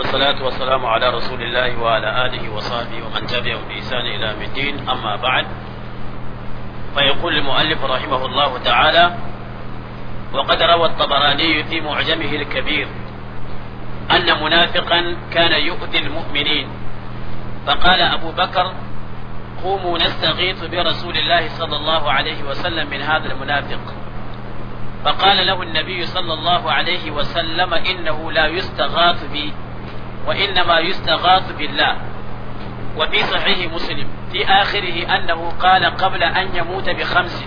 والصلاة والسلام على رسول الله وعلى آله وصحبه ومن تبعهم بإحسان إلى الدين أما بعد فيقول المؤلف رحمه الله تعالى وقد روى الطبراني في معجمه الكبير أن منافقا كان يؤذي المؤمنين فقال أبو بكر قوموا نستغيث برسول الله صلى الله عليه وسلم من هذا المنافق فقال له النبي صلى الله عليه وسلم إنه لا يستغاث بي وإنما يستغاث بالله وفي صحيح مسلم في آخره أنه قال قبل أن يموت بخمس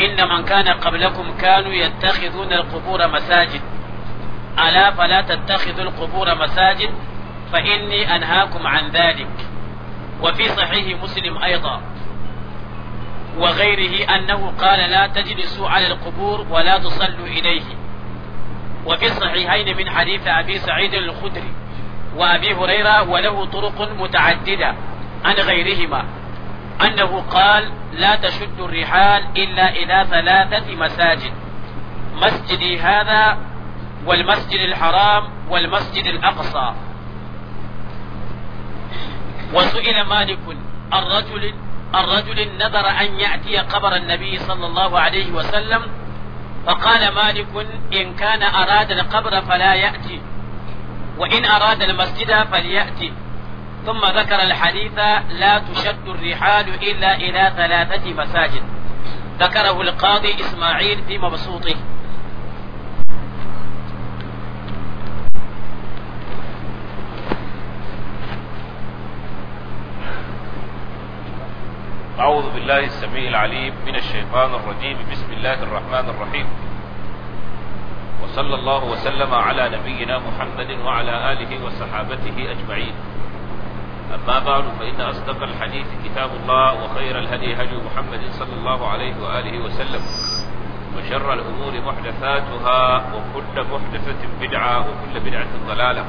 إن من كان قبلكم كانوا يتخذون القبور مساجد ألا فلا تتخذوا القبور مساجد فإني أنهاكم عن ذلك وفي صحيح مسلم أيضا وغيره أنه قال لا تجلسوا على القبور ولا تصلوا إليه وفي الصحيحين من حديث أبي سعيد الخدري وأبي هريرة وله طرق متعددة عن غيرهما أنه قال لا تشد الرحال إلا إلى ثلاثة مساجد مسجدي هذا والمسجد الحرام والمسجد الأقصى وسئل مالك الرجل الرجل نذر أن يأتي قبر النبي صلى الله عليه وسلم فقال مالك إن كان أراد القبر فلا يأتي وإن أراد المسجد فليأتي ثم ذكر الحديث لا تشد الرحال إلا إلى ثلاثة مساجد ذكره القاضي إسماعيل في مبسوطه أعوذ بالله السميع العليم من الشيطان الرجيم بسم الله الرحمن الرحيم وصلى الله وسلم على نبينا محمد وعلى آله وصحابته أجمعين أما بعد فإن أصدق الحديث كتاب الله وخير الهدي هدي محمد صلى الله عليه وآله وسلم وشر الأمور محدثاتها وكل محدثة بدعة وكل بدعة ضلالة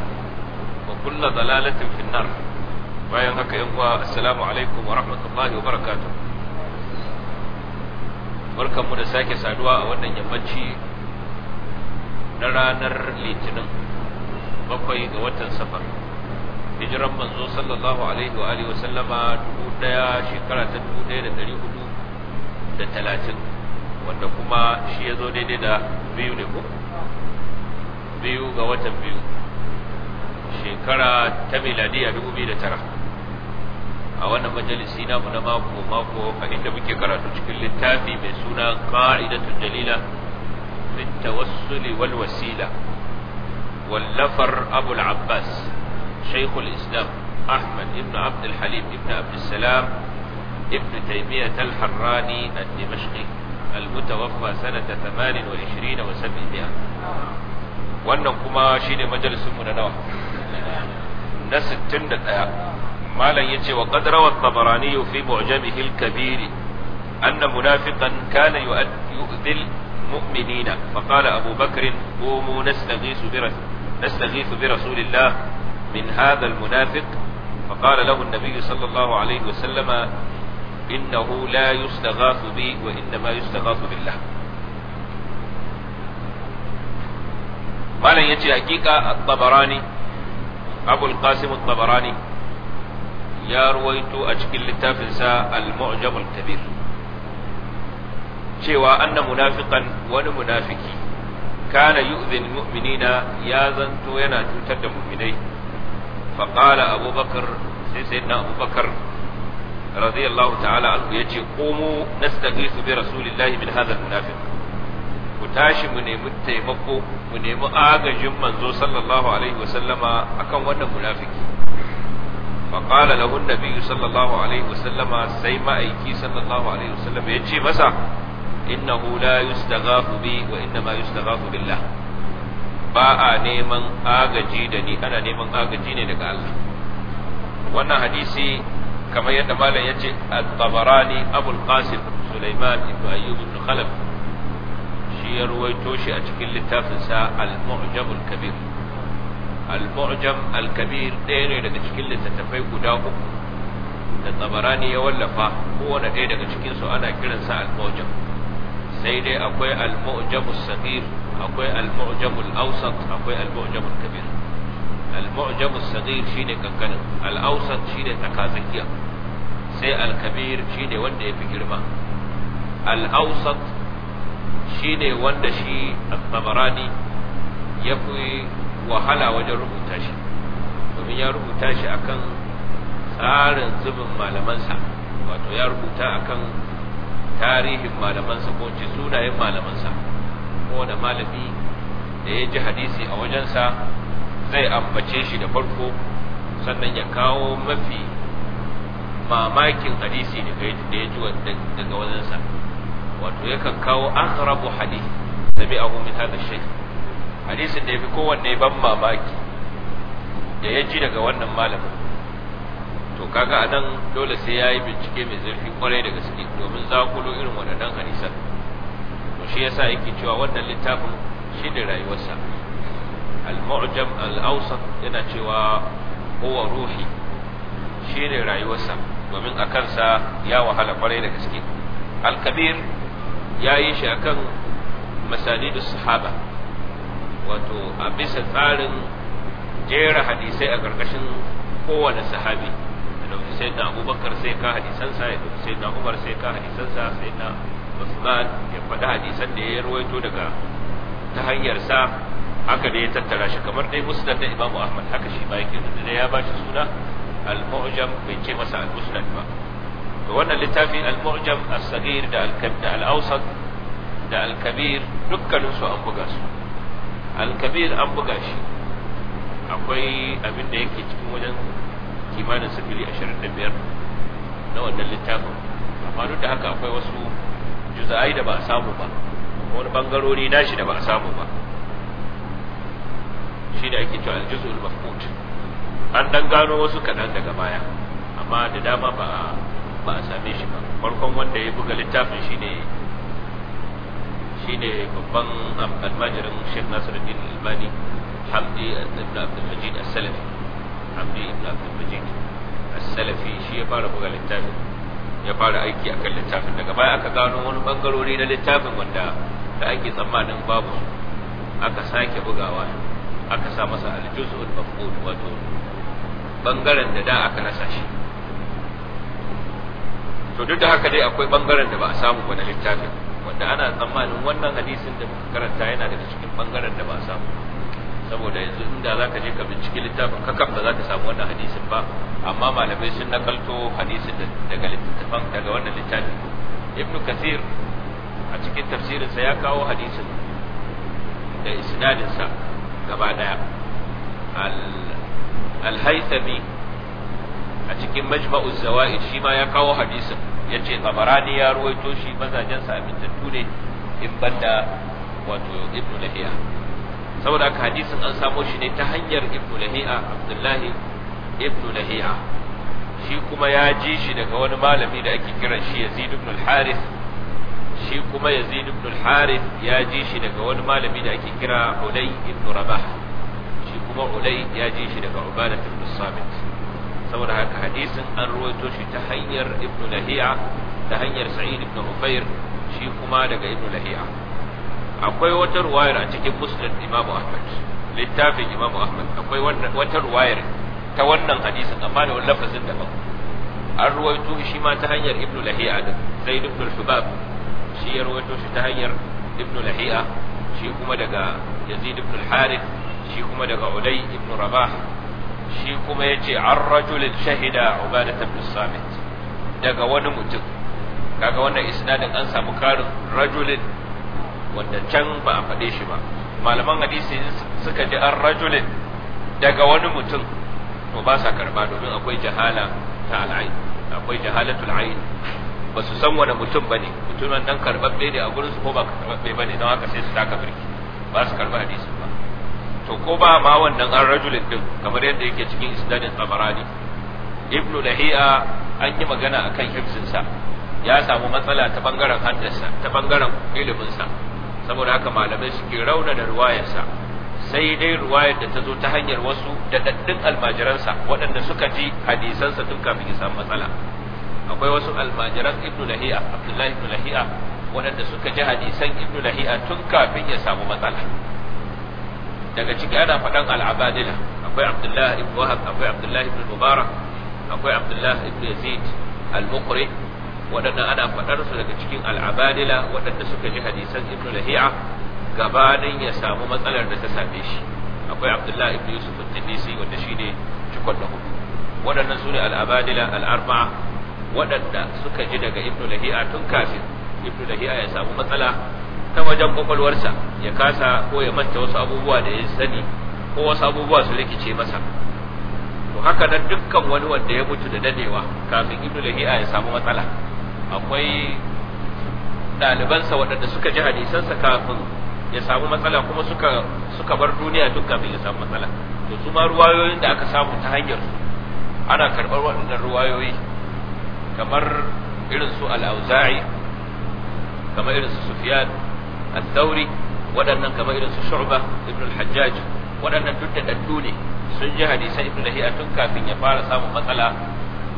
وكل ضلالة في النار bayan haka yan uwa assalamu alaikum wa rahmatullahi wa barakatuh barkanmu da sake saduwa a wannan yammaci na ranar litinin bakwai ga watan safar hijiran manzo sallallahu alaihi wa alihi wa sallama dubu daya shekara ta dubu daya da dari hudu da talatin wanda kuma shi ya zo daidai da biyu ne ko biyu ga watan biyu shekara ta miladiya dubu biyu da tara a wannan majalisi namu na mako mako a inda muke karatu cikin littafi mai suna qa'idatul jalila min tawassuli wal wasila wallafar abu al-abbas shaykhul islam ahmad ibn abd al-halim ibn abd salam ibn taymiyyah al-harrani al-dimashqi al-mutawaffa sanata 28 wa 700 wannan kuma shine majalisin mu na مالن يتي وقد روى الطبراني في معجمه الكبير أن منافقا كان يؤذي المؤمنين فقال أبو بكر قوموا نستغيث برسول, نستغيث برسول الله من هذا المنافق فقال له النبي صلى الله عليه وسلم إنه لا يستغاث بي وإنما يستغاث بالله مالن يتي حقيقة الطبراني أبو القاسم الطبراني ya ruwaito a cikin littafinsa al-mu'jamul kabir cewa anna munafiqan wani munafiki kana yu'zin mu'minina ya zanto yana cutar da mu'minai fa qala abubakar sai sayyidina abubakar radiyallahu ta'ala anhu yace qumu nastaghiithu bi rasulillahi min hadha al-munafiq ku tashi mu nemi taimako mu nemi agajin manzo sallallahu alaihi wa wasallama akan wannan munafiki فقال له النبي صلى الله عليه وسلم سي ما ايكي صلى الله عليه وسلم يجي مسا انه لا يستغاث بي وانما يستغاث بالله ba a neman agaji da ni ana neman agaji ne daga Allah wannan hadisi kamar yadda malam ya ce al-tabarani abul qasim sulaiman ibn ayyub shi ya ruwaito shi a cikin littafinsa al-mu'jam kabir al-mu'jam al ɗaya ne daga cikin littattafai guda uku da tabarani ya wallafa kowane ɗaya daga cikin su ana kiransa al-mu'jam sai dai akwai al-mu'jam as-saghir akwai al-mu'jam akwai al kabir al-mu'jam as-saghir kankanin sai wanda girma wanda shi ya fi wahala wajen rubuta shi domin ya rubuta shi akan tsarin zubin malamansa wato ya rubuta akan tarihin malamansa ko ce sunayen malamansa kowane malami da ya ji hadisi a wajensa zai ambace shi da farko sannan ya kawo mafi mamakin hadisi da ya ji daga wajensa wato yakan kawo rabu hadith sami abu min da shaykh hadisin da ya fi kowanne ban mamaki da ya ji daga wannan malamin to kaga a nan dole sai ya yi bincike mai zurfi kwarai da gaske domin za ku lo irin waɗannan hadisan to shi yasa yake cewa wannan littafin shi ne rayuwarsa al-mu'jam al-awsat yana cewa huwa ruhi shi ne rayuwarsa domin a kansa ya wahala kwarai da gaske al-kabir ya yi shi akan masalidus sahaba wato a bisa tsarin jera hadisai a ƙarƙashin kowane sahabi da dauki sai na abubakar sai ka hadisansa ya dauki sai na umar sai ka hadisansa sai na usman ya faɗi hadisan da ya rawaito daga ta hanyarsa, haka ne ya tattara shi kamar dai musnad da imamu ahmad haka shi ba yake da ya ba shi suna al-mu'jam bai ce masa al-musnad ba to wannan littafin al-mu'jam as-saghir da al-kabir da al-awsat da al-kabir dukkanin su an buga su alkabir an buga shi akwai abin da yake cikin wajen kimanin sifili ashirin da biyar na wannan littafin amma duk da haka akwai wasu juza'ai da ba a samu ba wani bangarori nashi da ba a samu ba shi da ake cewa aljuzul mafqut an dan gano wasu kaɗan daga baya amma da dama ba ba a same shi ba farkon wanda ya buga littafin shi ne Shi ne babban almajirin Sheikh Nasiruddin Albani Hamdi ibn Abdul Majid As-Salafi Hamdi ibn Abdul Majid As-Salafi shi ya fara buga littafin ya fara aiki akan littafin daga baya aka gano wani bangarori na littafin wanda da ake tsammanin babu aka sake bugawa aka sa masa al-juz'ul mafqud wato bangaren da da aka nasa shi to duk da haka dai akwai bangaren da ba a samu na littafin wanda ana tsammanin wannan hadisin da muka karanta yana daga cikin bangaren da ba samu saboda yanzu inda za ka je ka binciki littafin kakan ba za ka samu wannan hadisin ba amma malamai sun nakalto hadisin daga littafin daga wannan littafi ibnu kasir a cikin tafsirinsa ya kawo hadisin da isnadinsa gaba daya al-haythami a cikin Majma'u zawaid shi ma ya kawo hadisin ya ce tabarani ya ruwaito shi mazajensa amintattu ne in banda wato ibnu lahiya saboda haka hadisin an samo shi ne ta hanyar ibnu lahiya abdullahi ibnu lahiya shi kuma ya ji shi daga wani malami da ake kiran shi yazid ibn al-harith shi kuma yazid ibn al-harith ya ji shi daga wani malami da ake kira ulay ibn rabah shi kuma ulay ya ji shi daga ubadah ibn samit saboda haka hadisin an ruwaito shi ta hanyar ibn lahiya ta hanyar sa'id ibn ufair shi kuma daga ibn lahiya akwai wata ruwayar a cikin musnad imamu ahmad littafin imamu ahmad akwai wata ruwayar ta wannan hadisin amma da wani lafazin daban an ruwaito shi ma ta hanyar ibn lahiya da zaid ibn shubab shi ya ruwaito shi ta hanyar ibn lahiya shi kuma daga yazid ibn harith shi kuma daga ulay ibn rabah shi kuma ya ce an rajulin shahida ubadat ibn samit daga wani mutum kaga wannan isnadin an samu karin rajulin wanda can ba a faɗe shi ba malaman hadisi suka ji an rajulin daga wani mutum to ba sa karba domin akwai jahala ta al'ain akwai jahalatul ain ba su san wani mutum ba ne mutumin nan karbabbe ne a gurin su ko ba karbabbe ne don haka sai su taka birki ba su karba hadisi to ko ba ma wannan an rajulin din kamar yadda yake cikin isnadin tabarani ibnu lahiya an yi magana akan hifzinsa ya samu matsala ta bangaren haddasa ta bangaren iliminsa saboda haka malamai suke rauna da ruwayarsa sai dai ruwayar da ta zo ta hanyar wasu daɗaɗɗun almajiransa waɗanda suka ji hadisansa tun kafin ya samu matsala akwai wasu almajiran ibnu lahiya abdullahi ibnu lahiya waɗanda suka ji hadisan ibnu lahiya tun kafin ya samu matsala daga ciki ana faɗan al'abadila akwai abdullahi ibn wahab akwai abdullahi ibn mubarak akwai abdullahi ibn yazid al-muqri waɗannan ana faɗar su daga cikin al'abadila waɗanda suka ji hadisan ibn lahi'a gabanin ya samu matsalar da ta same shi akwai abdullahi ibn yusuf al-tunisi wanda shine cikon da hudu waɗannan sune al'abadila al'arba'a waɗanda suka ji daga ibn lahi'a tun kafin ibn lahi'a ya samu matsala ta wajen kwakwalwarsa ya kasa ko ya manta wasu abubuwa da ya sani ko wasu abubuwa su rikice masa to haka nan dukkan wani wanda ya mutu da dadewa kafin ibnu lahiya ya samu matsala akwai ɗalibansa waɗanda suka ji hadisansa kafin ya samu matsala kuma suka suka bar duniya duk kafin ya samu matsala to su ma ruwayoyin da aka samu ta hanyar ana karɓar waɗannan ruwayoyi kamar irin su al-auza'i kamar irin su Sufiyan. al-dauri waɗannan kamar irin su shu'ba ibn al-hajjaj waɗannan duk da ne sun ji hadisan ibn lahiya tun kafin ya fara samun matsala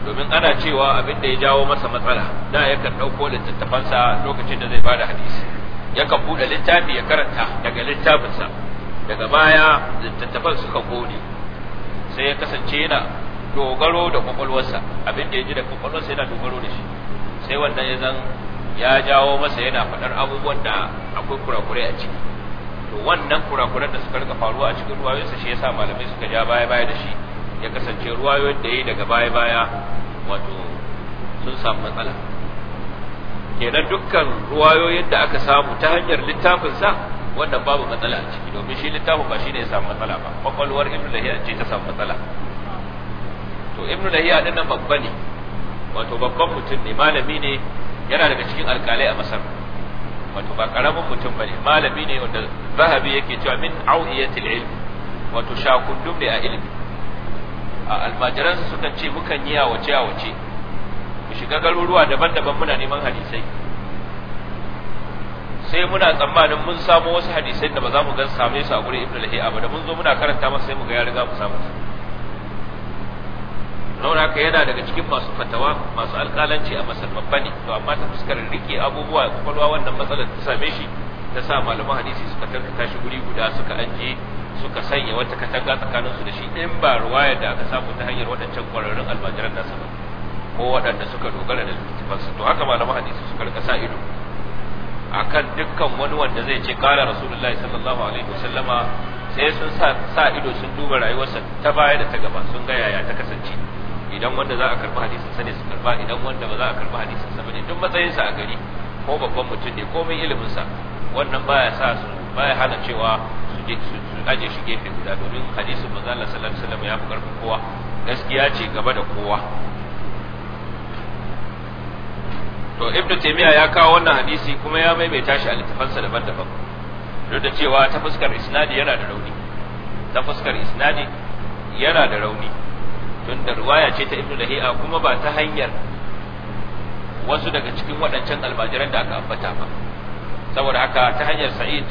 domin ana cewa abin da ya jawo masa matsala da yakan ɗauko littattafansa lokacin da zai bada hadisi yakan buɗe littafi ya karanta daga littafinsa daga baya littattafan suka gode sai ya kasance yana dogaro da kwakwalwarsa abin da ya ji da kwakwalwarsa yana dogaro da shi sai wannan ya zan ya jawo masa yana faɗar abubuwan da akwai kurakure a ciki to wannan kurakuren da suka rika faruwa a cikin ruwayoyinsa shi yasa malamai suka ja baya baya da shi ya kasance ruwayoyin da yayi daga baya baya wato sun samu matsala kenan dukkan ruwayoyin da aka samu ta hanyar littafin sa wannan babu matsala a ciki domin shi littafin ba shi ne ya samu matsala ba kwakwalwar ibnu lahiya ce ta samu matsala to ibnu lahiya dinnan babba ne wato babban mutum ne malami ne yana daga cikin alkalai a masar wato ba karamin mutum bane malami ne wanda zahabi yake cewa min au'iyatil ilm wato shakundum ne a ilmi a almajiran sukan ce mukan yi wace-a wace. mu shiga garuruwa daban-daban muna neman hadisai sai muna tsammanin mun samu wasu hadisai da ba za mu gan same su a gurin ibnu lahiya ba da mun zo muna karanta masa sai mu ga ya riga mu samu su saboda haka yana daga cikin masu fatawa masu alƙalanci a masar babba ne to amma ta fuskar rike abubuwa a kwakwalwa wannan matsalar ta same shi ta sa malaman hadisi suka tarkata tashi guri guda suka anje suka sanya wata katanga tsakanin su da shi in ba ruwaya da aka samu ta hanyar waɗancan ƙwararrun almajiran nasa ba ko waɗanda suka dogara da su to haka malaman hadisi suka rika sa ido akan dukkan wani wanda zai ce kala rasulullahi sallallahu alaihi wasallama sai sun sa ido sun duba rayuwarsa ta baya da ta gaba sun ga yaya ta kasance idan wanda za a karɓi hadisin sa ne su karba idan wanda ba za a karɓi hadisin sa bane duk matsayin sa a gari ko babban mutum ne ko mai ilimin sa wannan baya sa su baya hana cewa su je su aje shi gefe guda domin hadisin manzo Allah sallallahu alaihi wasallam ya fi karfin kowa gaskiya ce gaba da kowa to ibnu taymiya ya kawo wannan hadisi kuma ya maimaita shi a littafansa daban-daban duk da cewa ta fuskar isnadi yana da rauni ta fuskar isnadi yana da rauni tun da ruwaya ce ta ibnu lahiya kuma ba ta hanyar wasu daga cikin waɗancan almajiran da aka ambata ba saboda haka ta hanyar sa'id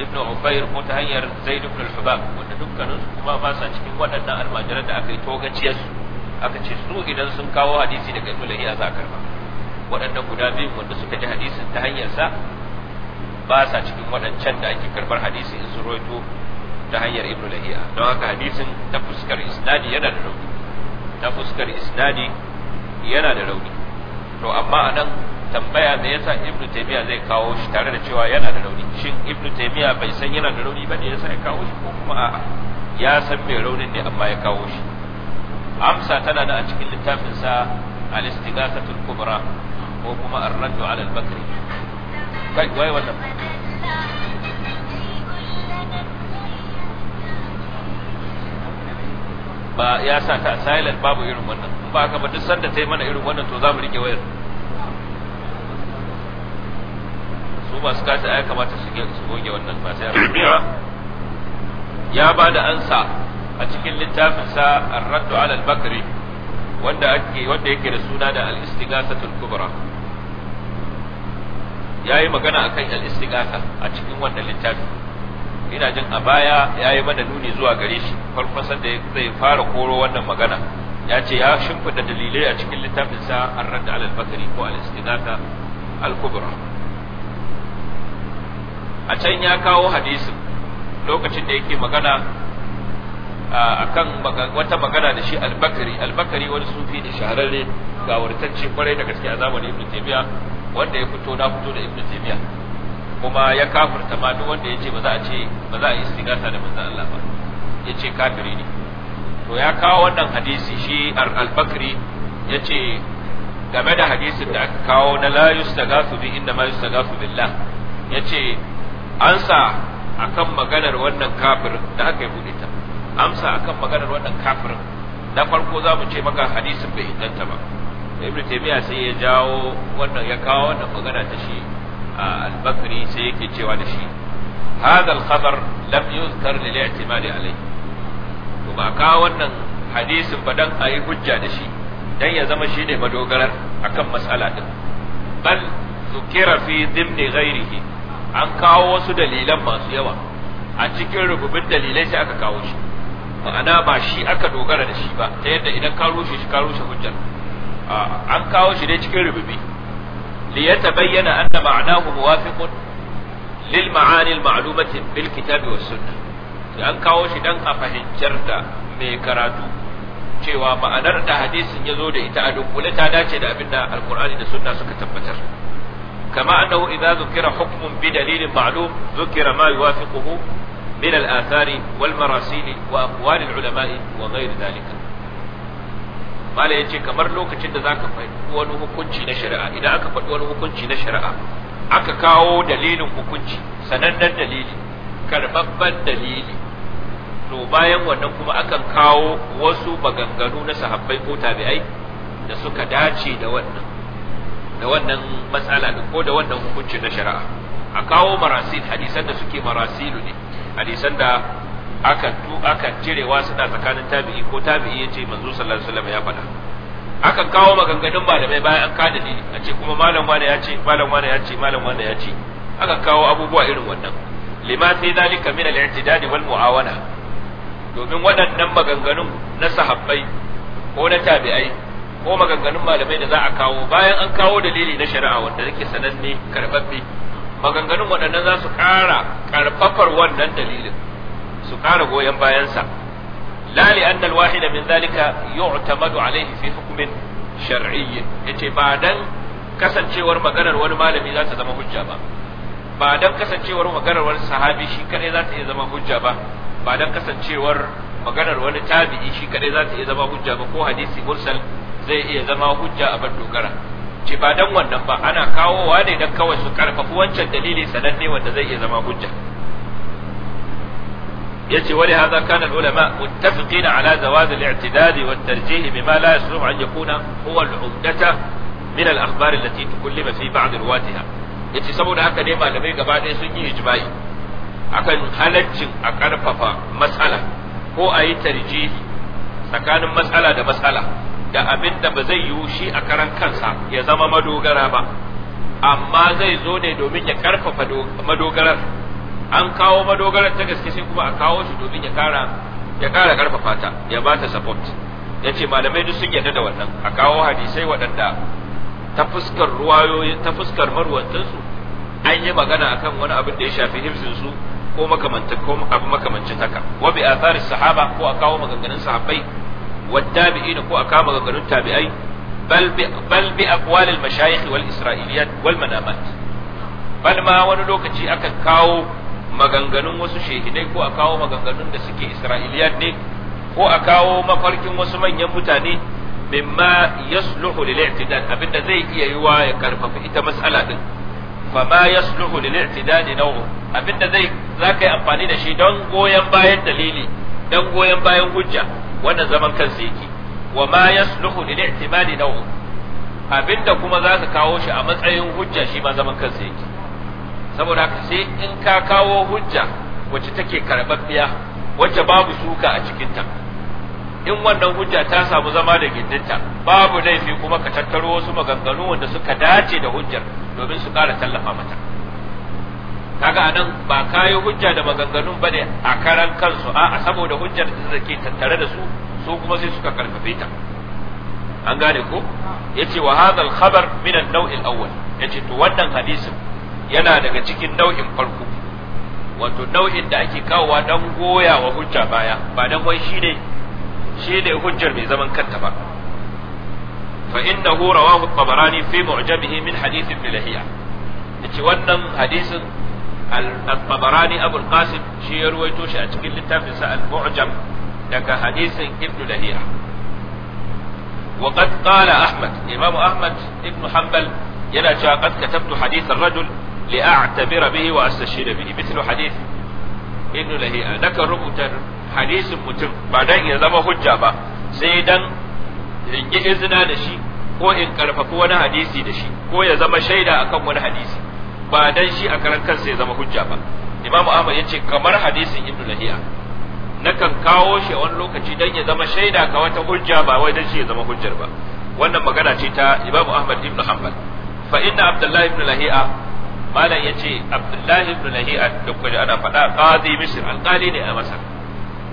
ibn ufair ko ta hanyar zaid ibn al-hubab wanda dukkaninsu kuma ba sa cikin waɗannan almajiran da aka yi su aka ce su idan sun kawo hadisi daga ibn lahiya za karba waɗannan guda biyu wanda suka ji hadisin ta hanyar sa ba sa cikin waɗancan da ake karbar hadisi in su roito ta hanyar ibnu lahiya don haka hadisin ta fuskar isnadi yana da rauni ta fuskar isnadi yana da rauni to amma anan tambaya me yasa ibnu taymiya zai kawo shi tare da cewa yana da rauni shin ibnu taymiya bai san yana da rauni bane yasa ya kawo shi ko kuma a'a ya san mai raunin ne amma ya kawo shi amsa tana da a cikin littafin sa al-istighathatul kubra ko kuma ar-raddu ala al-bakri kai wai wannan ba ya sa ta silent babu irin wannan ba ka ba duk sanda ta yi mana irin wannan to za mu rike wayar su masu kasa ya kamata su goge wannan ba sai a ya ba da ansa a cikin littafinsa sa raddu ala al-bakri wanda ake wanda yake da suna da al-istighasatul kubra yayi magana akan al-istighatha a cikin wannan littafin ina jin a baya ya yi mana nuni zuwa gare shi farkon sanda zai fara koro wannan magana ya ce ya shimfida dalilai a cikin littafinsa an radda alal bakari ko al istinata al kubra a can ya kawo hadisin lokacin da yake magana akan wata magana da shi al bakari al bakari wani sufi da shahararre ga wartacce kwarai da gaske a zamanin ibnu taymiya wanda ya fito na fito da ibnu taymiya kuma ya kafirta ma duk wanda yace ba za a ce ba za a istigasa da manzon Allah ba yace kafiri ne to ya kawo wannan hadisi shi al-Bakri yace game da hadisin da aka kawo na la yustagasu bi inda ma yustagasu billah yace an sa akan maganar wannan kafir da aka yi bude ta amsa akan maganar wannan kafirin na farko za mu ce maka hadisin bai inganta ba ibnu taymiya sai ya jawo wannan ya kawo wannan magana ta shi al-bakri sai yake cewa da shi hadha al-khabar lam yuzkar lil i'timad alayhi to ba ka wannan hadisin ba dan ayi hujja da shi dan ya zama shine madogarar akan mas'ala din bal zukira fi dhimni ghairihi an kawo wasu dalilan masu yawa a cikin rububin dalilai sai aka kawo shi ma'ana ba shi aka dogara da shi ba ta yadda idan ka rushe shi ka rushe hujjar an kawo shi dai cikin rububi ليتبين أن معناه موافق للمعاني المعلومة بالكتاب والسنة an kawo shi dan a fahimtar da mai karatu cewa ma'anar da hadisin ya zo da ita a dunkule ta dace da abin da alkur'ani da sunna suka tabbatar kama annahu idza zukira hukmun bi dalilin ma'lum zukira ma yuwafiquhu min al-athari wal marasil wa aqwal al-ulama wa ghayr dhalika mala yace kamar lokacin da zaka faɗi wani hukunci na shari'a idan aka faɗi wani hukunci na shari'a aka kawo dalilin hukunci sanannen dalili karbabban dalili to bayan wannan kuma akan kawo wasu maganganu na sahabbai ko tabi'ai da suka dace da wannan da wannan matsala ko da wannan hukunci na shari'a a kawo marasil hadisan da suke marasilu ne hadisan da aka tu aka cirewa suna tsakanin tabi'i ko tabi'i yace manzo sallallahu alaihi wasallam ya faɗa aka kawo maganganun malamai bayan an kada ne a ce kuma malam wane ya ce malam wane ya ce malam wane ya ce aka kawo abubuwa irin wannan lima sai dalika min al-i'tidad wal mu'awana domin waɗannan maganganun na sahabbai ko na tabi'ai ko maganganun malamai da za a kawo bayan an kawo dalili na shari'a wanda yake sananne karbabbe maganganun waɗannan za su ƙara ƙarfafar wannan dalilin su ƙara goyon bayansa la li anna al-wahida min zalika yu'tamadu alayhi fi hukmin shar'iyyin yace ba dan kasancewar maganar wani malami za ta zama hujja ba ba dan kasancewar maganar wani sahabi shi kadai za ta iya zama hujja ba ba dan kasancewar maganar wani tabi'i shi kadai za ta iya zama hujja ba ko hadisi mursal zai iya zama hujja a ban dogara ce ba dan wannan ba ana kawowa ne dan kawai su karfafi wancan dalili sananne wanda zai iya zama hujja يأتي ولهذا كان العلماء متفقين على زواج الاعتداد والترجيح بما لا يصلح أن يكون هو العمدة من الأخبار التي تكلم في بعض رواتها يأتي سبونا هكا نيما لبيك بعد يسجي إجمعي هكا نخلج هكا نففا مسألة هو أي ترجيح سكان مسألة دا مسألة دا أبن دا بزي يوشي أكران كنسا يزم مدوغرابا أما زي زوني دومين يكارففا مدوغرابا an kawo madogarar ta gaske sai kuma a kawo shi domin ya kara ya kara karfafa ta ya ba ta support ya ce malamai duk sun yarda da wannan a kawo hadisai waɗanda ta fuskar ruwayoyi ta fuskar marwantansu an yi magana akan wani abin da ya shafi hifzin su ko makamantan ko abu makamancin haka wa bi atharis sahaba ko a kawo maganganun sahabbai wa tabi'in ko a kawo maganganun tabi'ai bal bi bal bi aqwal al mashayikh wal isra'iliyat wal manamat bal ma wani lokaci aka kawo maganganun wasu shehidai ko a kawo maganganun da suke isra'iliyat ne ko a kawo mafarkin wasu manyan mutane mimma yasluhu lil i'tidal abinda zai iya yiwa ya karfafa ita mas'ala din fa ma yasluhu lil i'tidal Abin abinda zai zaka yi amfani da shi don goyen bayan dalili don goyen bayan hujja wanda zaman kansa yake wa ma yasluhu lil i'timadi Abin abinda kuma zaka kawo shi a matsayin hujja shi ma zaman kansa yake saboda haka sai in ka kawo hujja wacce take karɓaɓɓiya wacce babu suka a cikinta in wannan hujja ta samu zama da gindinta babu laifi kuma ka tattaro wasu maganganu wanda suka dace da hujjar domin su ƙara tallafa mata kaga anan ba kayo hujja da maganganun ba ne a karan kansu a'a saboda hujjar da take tattare da su su kuma sai suka karfafe ta an gane ko yace wa hadha al-khabar min an-naw' al-awwal yace to wannan hadisin yana daga cikin nau'in farko wato nau'in da ake kawowa don goya wa hujja baya ba don wai shi ne shi ne hujjar mai zaman kanta ba fa innahu rawahu at-tabarani fi mu'jabihi min hadith ibn lahiya yace wannan hadisin al-tabarani abu al shi ya ruwaito shi a cikin littafin sa daga hadisin ibn lahiya وقد قال أحمد إمام أحمد ابن حنبل يلا قد كتبت حديث الرجل li'a'tabira bihi wa astashhira bihi mithlu hadith ibn lahi'a nakan rubuta hadisin mutum ba dan ya zama hujja ba sai dan in yi izina da shi ko in karfafi wani hadisi da shi ko ya zama shaida akan wani hadisi ba dan shi a karan kansa ya zama hujja ba imam ahmad yace kamar hadisin ibn lahiya nakan kawo shi a wani lokaci dan ya zama shaida ka wata hujja ba wai dan shi ya zama hujjar ba wannan magana ce ta imam ahmad ibn hanbal fa inna Abdullahi ibn lahiya malam ya ce abdullahi ibn lahi'a da kuma ana faɗa qadi misr alqali ne a masar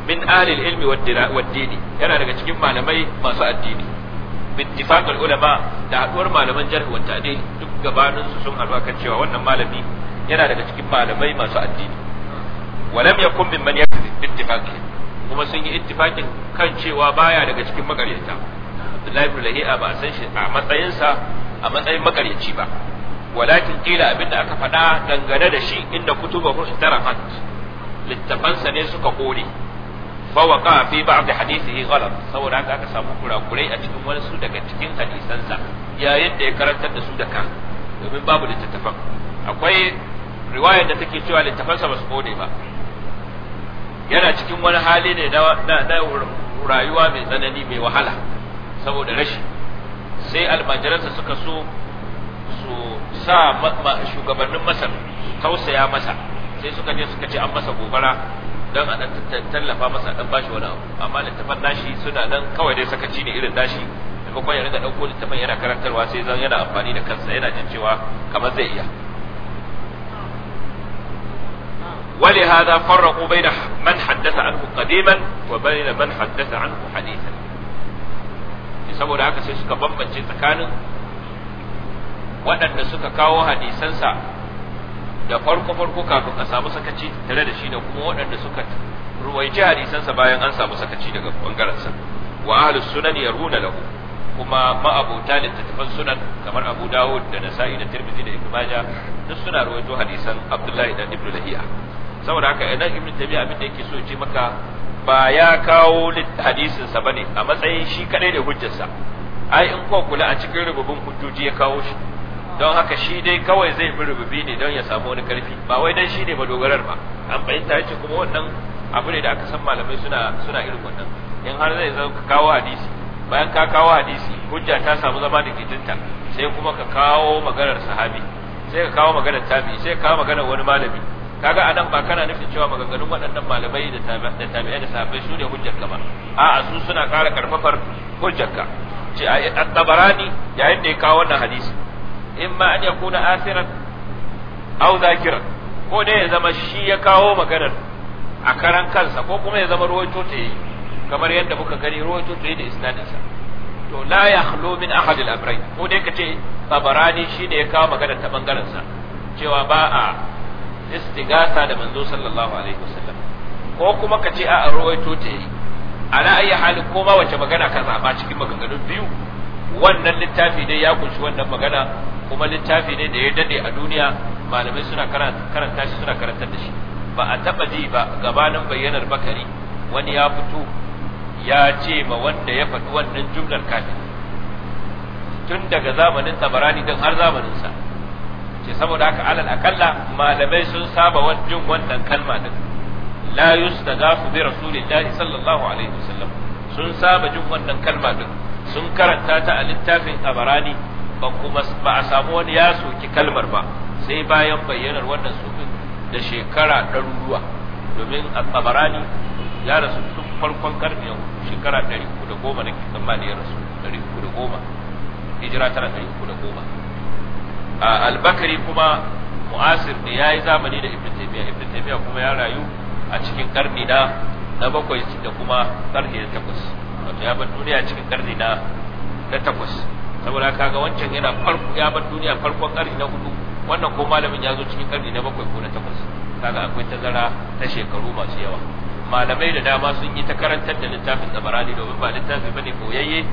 min ahli ilmi wad dini yana daga cikin malamai masu addini bittifaq ulama da haɗuwar malaman jarh wa ta'dil duk gabanin su sun haɗu akan cewa wannan malami yana daga cikin malamai masu addini walam yakun mimman yakzib bittifaqi kuma sun yi ittifaqin kan cewa baya daga cikin makaryata Abdullahi ibn Lahi'a ba san shi a matsayinsa a matsayin makaryaci ba walakin kila abinda aka faɗa dangane da shi inda kutubahu intarafat littafansa ne suka kore fawaka fi ba'd hadithihi ghalat saboda haka aka samu kurakurai a cikin wani su daga cikin hadisansa yayin da ya karantar da su da ka domin babu littattafan akwai riwayar da take cewa littafansa ba su kone ba yana cikin wani hali ne na rayuwa mai tsanani mai wahala saboda rashi sai almajiransa suka so sa shugabannin masar tausaya masa sai suka je suka ce an masa gobara don a ɗan tallafa masa ɗan bashi wani abu amma littafan nashi suna nan kawai dai sakaci ne irin nashi maimakon ya riga ɗauko littafan yana karantarwa sai zan yana amfani da kansa yana jin cewa kamar zai iya ولهذا فرقوا بين من حدث عنه قديما وبين من حدث عنه حديثا saboda haka sai suka bambance tsakanin waɗanda suka kawo hadisansa da farko farko kafin a samu sakaci tare da shi da kuma waɗanda suka ruwaici hadisansa bayan an samu sakaci daga bangarensa wa ahlus sunan runa lahu kuma ma'abuta littattafan sunan kamar Abu Dawud da Nasa'i da Tirmidhi da Ibn Majah duk suna ruwaito hadisan Abdullahi da Ibn Lahiya saboda haka idan Ibn Tabi'a abin da yake so ce maka ba ya kawo hadisin sa bane a matsayin shi kadai da hujjarsa ai in ko kula a cikin rububin hujjoji ya kawo shi don haka shi dai kawai zai bi rububi ne don ya samu wani karfi ba wai dan shi ne madogarar ba an bayyana yace kuma wannan abu ne da aka san malamai suna suna irin wannan in har zai zo ka kawo hadisi bayan ka kawo hadisi hujja ta samu zama da kitinta sai kuma ka kawo maganar sahabi sai ka kawo maganar tabi sai ka kawo maganar wani malami kaga anan ba kana nufin cewa maganganun waɗannan malamai da tabi'ai da sahabbai su ne ka ba a'a su suna ƙara karfafar ka ce a tabarani yayin da ya kawo wannan hadisi imma an yakuna asiran aw zakiran ko dai ya zama shi ya kawo maganar a karan kansa ko kuma ya zama ruwaito ta yi kamar yadda muka gani ruwaito ta yi da isnadinsa to la yakhlu min ahad al-amrayn ko dai kace shi shine ya kawo maganar ta bangaren sa cewa ba a istigasa da manzo sallallahu alaihi wasallam ko kuma kace a ruwaito ta yi ala ayi hali ko ba wace magana ka zaba cikin maganganun biyu wannan littafi dai ya kunshi wannan magana kuma littafi ne da ya dade a duniya malamai suna karanta shi suna karantar da shi ba a taba ji ba gabanin bayyanar bakari wani ya fito ya ce ma wanda ya faɗi wannan jumlar kafin tun daga zamanin tabarani don har zamaninsa ce saboda haka alal akalla malamai sun saba wajen wannan kalma din la yustagafu bi rasulillahi sallallahu alaihi wasallam sun saba jin wannan kalma din sun karanta ta a littafin tabarani ba kuma ba a samu wani ya soki kalmar ba sai bayan bayyanar wannan sufin da shekara ɗaruruwa domin a tabarani ya rasu tun farkon karni shekara ɗari uku da goma na tsammani ya rasu ɗari uku da goma hijira tara ɗari uku da goma albakari kuma mu'asir ne ya yi zamani da ibn taymiya ibn taymiya kuma ya rayu a cikin karni na na bakwai da kuma karni na takwas wato ya bar duniya cikin karni na na takwas saboda kaga wancan yana farko ya bar duniya farkon karni na hudu wannan ko malamin ya zo cikin karni na bakwai ko na takwas kaga akwai tazara ta shekaru masu yawa malamai da dama sun yi ta karantar da littafin tsabarani domin ba littafi bane koyayye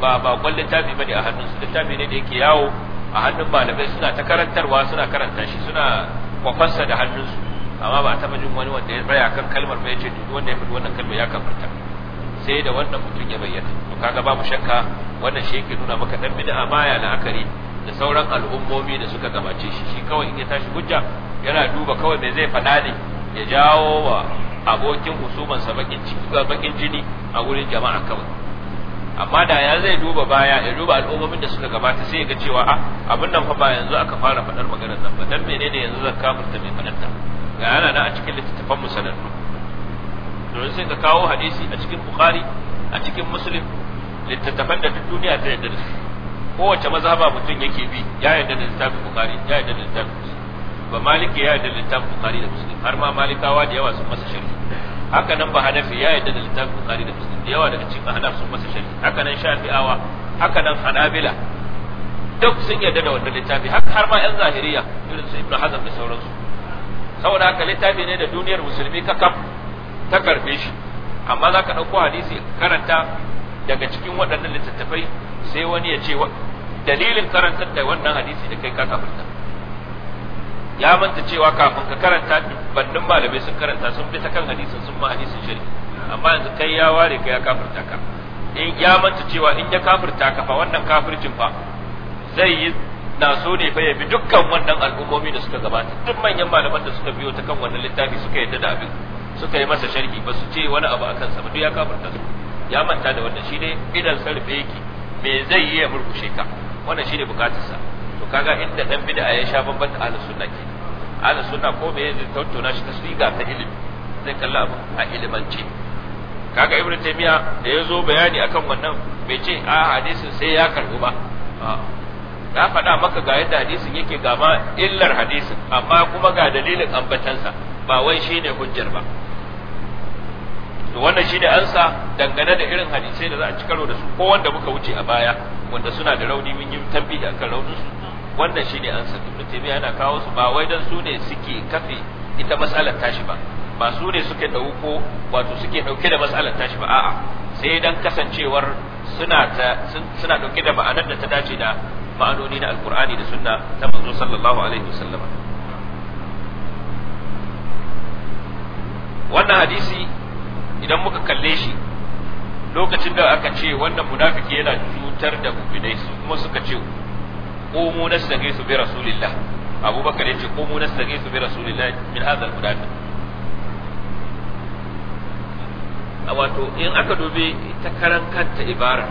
ba ba kwal littafi bane a hannun su littafi ne da yake yawo a hannun malamai suna ta karantarwa suna karanta shi suna kwafarsa da hannun su amma ba a taba jin wani wanda ya tsaya kan kalmar ba ya ce duk wanda ya faɗi wannan kalmar ya kafarta sai da wannan mutum ya bayyana to kaga babu shakka wannan shi yake nuna maka dan bid'a ya la'akari da sauran al'ummomi da suka gabace shi shi kawai in ya tashi hujja yana duba kawai me zai fada ne ya jawo wa abokin husumansa bakin ciki bakin jini a gurin jama'a kawai amma da ya zai duba baya ya duba al'ummomin da suka gabata sai ya ga cewa a ah, abin nan fa ba yanzu aka fara faɗar maganar nan ba dan menene yanzu zan kafirta mai faɗar ta ga yana nan a cikin littattafan musallannu domin sai ka kawo hadisi a cikin bukhari a cikin muslim littattafan da duk duniya ta yadda da su kowace mazhaba mutum yake bi ya yadda da littafin bukhari ya yadda da littafin muslim ba maliki ya yadda da littafin bukhari da muslim har ma malikawa da yawa sun masa shirki. haka nan ba hanafi ya yadda da littafin bukhari da muslim da yawa daga cikin ahnaf sun masa shirki. haka nan shafi'awa haka nan hanabila duk sun yadda da wannan littafi haka har ma yan zahiriya irin su ibnu hazm da sauransu saboda haka littafi ne da duniyar musulmi ka kakaf ta karfe shi amma za ka ɗauko hadisi karanta daga cikin waɗannan littattafai sai wani ya ce dalilin karantar da wannan hadisi da kai ka kafirta ya manta cewa kafin ka karanta bannin malamai sun karanta sun fi ta kan hadisin sun ma hadisin shari amma yanzu kai ya ware ka ya kafirta ka in ya manta cewa in ya kafirta ka fa wannan kafircin fa zai yi na so ne fa ya bi dukkan wannan al'ummomi da suka gabata duk manyan malaman da suka biyo ta kan wannan littafi suka yadda da abin suka yi masa sharhi ba su ce wani abu akan kansa ba duk ya kafirta su ya manta da wannan shi ne idan sarfe yake me zai yi ya murkushe ka wannan shi ne bukatarsa to kaga inda dan bid'a ya sha babban da ahlus sunna ke ahlus sunna ko me zai tattauna shi ta siga ta ilimi zai kalla abu a ilimance kaga ibnu taymiya da ya zo bayani akan wannan bai ce a hadisin sai ya karbu ba na faɗa maka ga yadda hadisin yake ga ma illar hadisin amma kuma ga dalilin ambatansa ba wai shine hujjar ba to wannan shi shine ansa dangane da irin hadisai da za a ci karo da su ko wanda muka wuce a baya wanda suna da rauni mun yi tambayi akan raunin su wannan shi shine ansa ibn taymiya yana kawo su ba wai dan su ne suke kafe ita mas'alar tashi ba ba su ne suke dauko wato suke dauke da mas'alar tashi ba a'a sai dan kasancewar suna ta suna dauke da ma'anar da ta dace da ma'anoni na alqur'ani da sunna ta manzo sallallahu alaihi wasallam wannan hadisi idan muka kalle shi lokacin da aka ce wannan munafiki yana cutar da mu'minai su kuma suka ce qumu nastaghisu bi rasulillah abubakar ya yace qumu nastaghisu bi rasulillah min hadha al-munafiq wato in aka dobe ta karan kanta ibara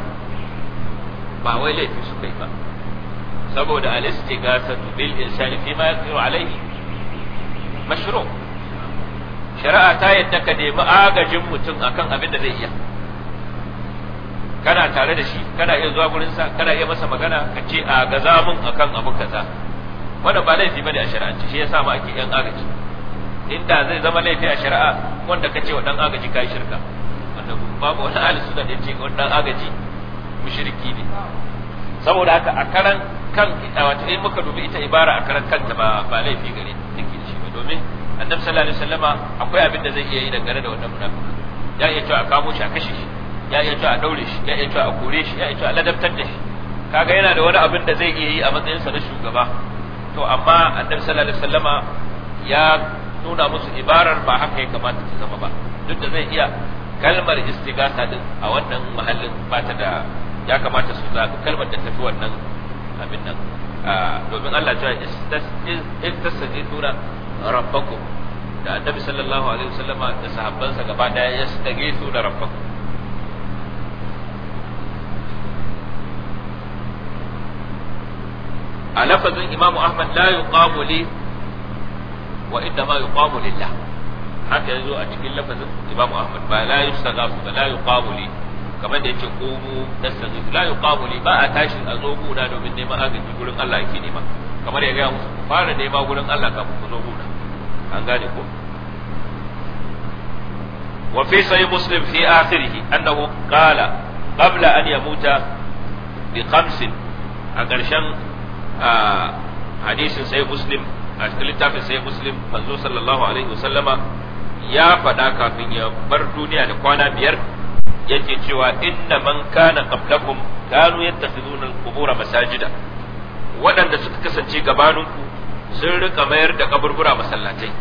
ba wai laifi su kai ba saboda al-istighathatu bil insani fi ma yaqiru alayhi mashru' shari'a ta yadda ka nemi agajin mutum akan abin da zai iya kana tare da shi kana iya zuwa gurin sa kana iya masa magana ka ce a gaza mun akan abu kaza wanda ba laifi bane a shari'ance shi yasa ma ake yan agaji inda zai zama laifi a shari'a wanda ka ce wa dan agaji kai shirka wanda babu wani ahli sunna da ce wannan agaji mushriki ne saboda haka a karan kan wato in muka dubi ita ibara a karan kanta ba ba laifi gare take da shi ba domin annabi sallallahu alaihi wasallama akwai abin da zai iya yi dangane da wannan munafiki ya iya cewa a kamo shi a kashe shi ya iya cewa a daure shi ya iya cewa a kore shi ya iya cewa a ladabtar da shi kaga yana da wani abin da zai iya yi a matsayinsa na shugaba to amma annabi sallallahu alaihi wasallama ya nuna musu ibarar ba haka ya kamata ta zama ba duk da zai iya kalmar istigasa din a wannan mahallin ba ta da ya kamata su zaɓi kalmar da tafi wannan abin nan domin Allah ya ce istasajiduna rabbakum da annabi sallallahu alaihi wasallama da sahabbansa gaba daya ya stage su da rabbakum a lafazin imamu ahmad la yuqamu li wa innama yuqamu lillah haka yazo a cikin lafazin imamu ahmad ba la yustagafu ba la yuqamu li kamar da yake komo nastaghif la yuqamu li ba a tashi a zo guna domin neman agaji gurin Allah yake nema kamar ya ga musu fara nema gurin Allah kafin ku zo guna an gane ko wa fi sahih muslim fi akhirih annahu qala qabla an yamuta bi khamsin a ƙarshen hadisin sahih muslim a cikin littafin sahih muslim manzo sallallahu alaihi wasallama ya faɗa kafin ya bar duniya da kwana biyar yake cewa inna man kana qablakum kanu yattakhiduna al-qubur masajida waɗanda suka kasance gabaninku sun rika mayar da kaburbura masallatai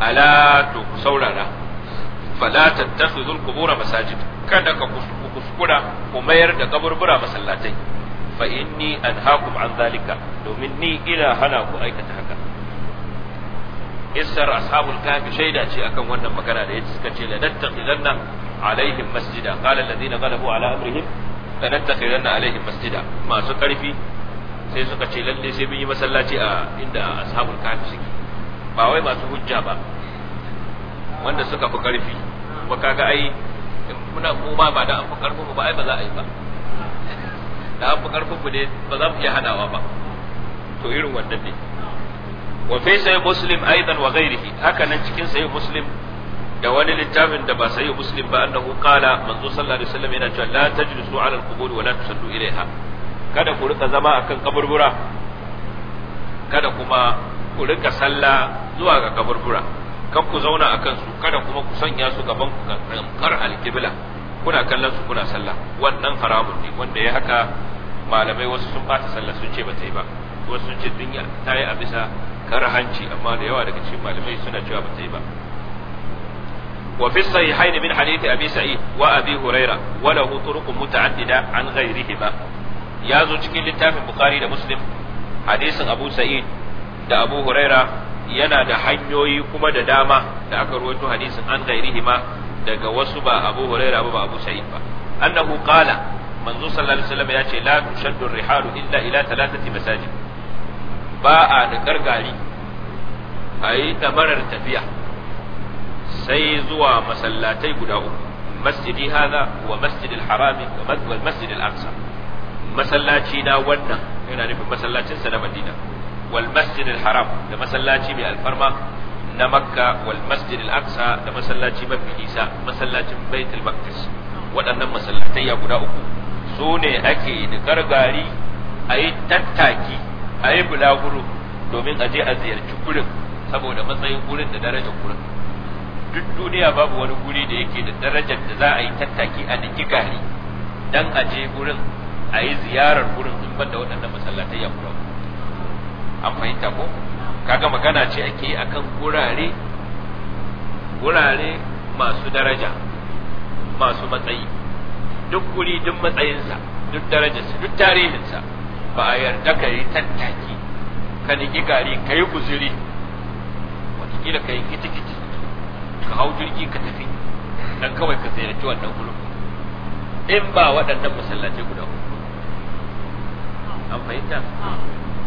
ala to ku saurara fala tattakhidhul qubura masajid kada ka kuskura ku mayar da kaburbura masallatai fa inni anhaakum an zalika domin ni ina hana ku aikata haka isar ashabul kahfi shaida ce akan wannan magana da yace suka ce la nattakhidanna alaihim masjida qala alladhina ghalabu ala amrihim la nattakhidanna alaihim masjida masu karfi sai suka ce lalle sai mun yi masallaci a inda ashabul kafi suke ba wai masu hujja ba wanda suka fi karfi kuma kaga ai muna mu ba ba da an fi karfin mu ba ai ba za a yi ba da an fi karfin mu ne ba za mu iya hadawa ba to irin wannan ne wa fi sai muslim aidan wa ghairihi haka nan cikin sai muslim da wani littafin da ba sai muslim ba annahu qala manzo sallallahu alaihi wasallam yana cewa la tajlisu ala al-qubur wa la tusallu ilaiha kada ku rika zama akan kaburbura kada kuma ku rika sallah zuwa ga kaburbura kan ku zauna akan su kada kuma ku sanya su gaban ku kar alkibla kuna kallon su kuna sallah wannan haramun ne wanda ya haka malamai wasu sun bata sallah sun ce ba ta yi ba wasu sun ce dunya ta yi a bisa karhanci amma da yawa daga cikin malamai suna cewa ba ta yi ba وفي الصحيحين من حديث أبي سعيد وأبي هريرة وله طرق متعددة عن ba. ya zo cikin littafin bukhari da muslim hadisin abu sa'id da abu huraira yana da hanyoyi kuma da dama da aka rawaito hadisin an gairihi ma daga wasu ba abu huraira ba abu sa'id ba annahu qala manzo sallallahu alaihi wasallam ya ce la tushaddu rihalu illa ila thalathati masajid ba a da gargari ayi marar tafiya sai zuwa masallatai guda uku masjidi hadha wa masjidil harami wa masjidil aqsa masallaci na wannan yana nufin masallacin sa na Madina wal masjid al haram da masallaci mai alfarma na Makka wal masjid al aqsa da masallaci mafi nisa masallacin Baitul Maqdis waɗannan masallatai ya guda uku su ne ake da gargari a yi tattaki a yi bulaguro domin a je a ziyarci gurin saboda matsayin gurin da darajar gurin duk duniya babu wani guri da yake da darajar da za a yi tattaki a niki gari dan a je gurin a yi ziyarar gurin in banda waɗannan masallatai ya kura an fahimta ko kaga magana ce ake yi akan gurare gurare masu daraja masu matsayi duk guri duk matsayinsa duk darajarsa duk tarihinsa ba a yarda ka yi tattaki ka niki gari ka yi guziri watakila ka yi kitikiti ka hau jirgi ka tafi dan kawai ka ziyarci wannan gurin in ba waɗannan masallatai guda uku an fahimta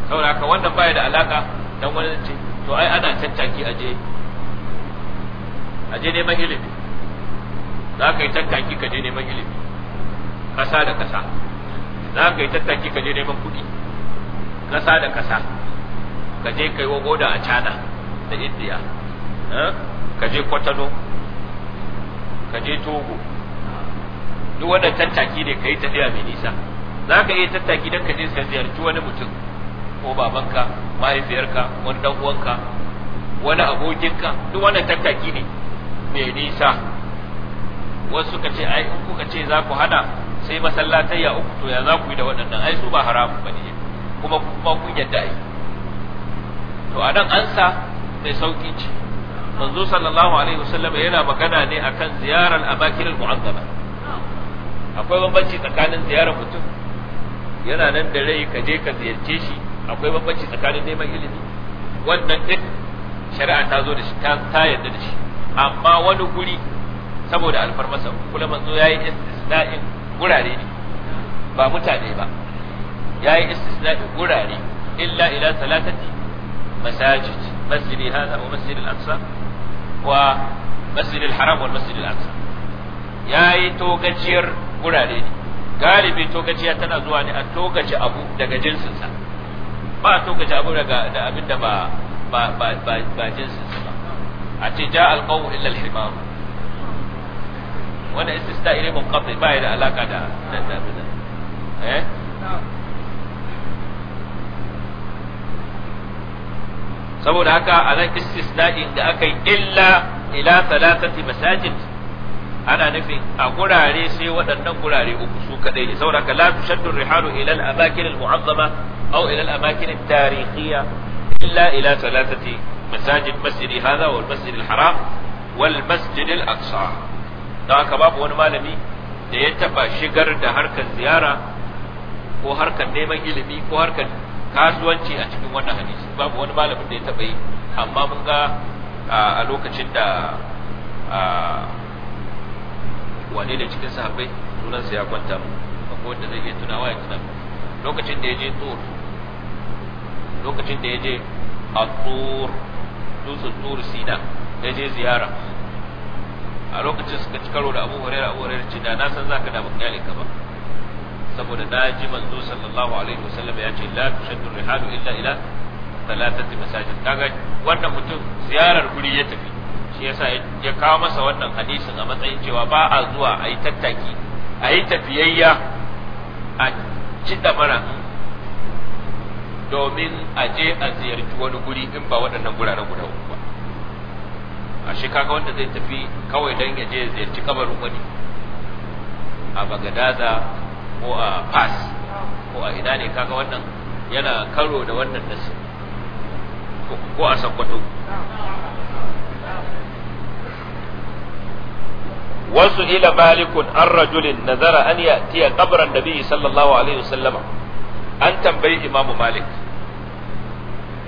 saboda haka wannan baya da alaka dan wani zance to ai ana tattaki aje aje neman ilimi za ka yi tattaki ka je neman ilimi kasa da kasa za ka yi tattaki ka je neman kuɗi kasa da kasa ka je kai wa goda a cana da indiya eh? ka je kwatano ka je togo duk wannan tattaki ne ka yi tafiya mai nisa za ka iya tattaki don ka je ka ziyarci wani mutum ko babanka mahaifiyarka wani dan uwanka wani abokinka duk wannan tattaki ne mai nisa wasu ka ce ai in kuka ce za ku hana sai masallatai ya uku to ya za ku yi da waɗannan ai su ba haramun ba ne kuma kuma kun yadda ai to a nan ansa mai sauƙi ce manzo sallallahu alaihi wasallam yana magana ne akan ziyarar abakin al-mu'azzama akwai bambanci tsakanin ziyarar mutum yana nan da rai ka je ka ziyarce shi akwai bambanci tsakanin neman ilimi wannan duk shari'a ta zo da shi ta yarda da shi amma wani guri saboda alfarmasa kula manzo yayi istisna'in gurare ne ba mutane ba ya yi istisna'in gurare illa ila salatati masajid masjidi hada wa masjid al-aqsa wa masjid al-haram wal masjid al-aqsa yi to gajiyar gurare ne galibi tokaciya tana zuwa ne a tokaci abu daga jinsinsa ba a tokaci abu daga da abin da ba ba jinsinsa ba a ce ja alqawm illa alhimam wannan istisna ne munqati ba ya da alaka da da da eh saboda haka a nan istisna'in da aka yi illa ila thalathati masajid ana nufin a gurare sai waɗannan gurare uku su kadai ne saboda ka la tushaddu rihalu ila al amakin al mu'azzama aw ila al amakin al tarihiyya illa ila thalathati masajid masjid hadha wal masjid al haram wal masjid al aqsa don haka babu wani malami da ya taba shigar da harkar ziyara ko harkar neman ilimi ko harkar kasuwanci a cikin wannan hadisi babu wani malamin da ya taba yi amma mun ga a lokacin da wane ne cikin sahabbai sunan sa ya kwanta mu akwai wanda zai iya tunawa ya tuna lokacin da ya je tur lokacin da ya je a tur dutsen tur sina ya je ziyara a lokacin suka ci karo da abu hurairar abu hurairar ce da na san zaka da bakiyale ka ba saboda na ji manzo sallallahu alaihi wasallam ya ce la tushaddu rihalu illa ila thalathati masajid kaga wannan mutum ziyarar guri ya tafi shi yasa ya kawo masa wannan hadisin a matsayin cewa ba a zuwa a yi tattaki a yi tafiyayya a ci mara domin a je a ziyarci wani guri in ba waɗannan guraren guda uku ba a shi kaga wanda zai tafi kawai don ya je ziyarci kabarin wani a bagadaza ko a fas ko a ina ne kaga wannan yana karo da wannan nasi ko a sakwato wasu ila malikun an rajulin nazara an ya'tiya da nabi sallallahu alaihi wasallama an tambayi imamu malik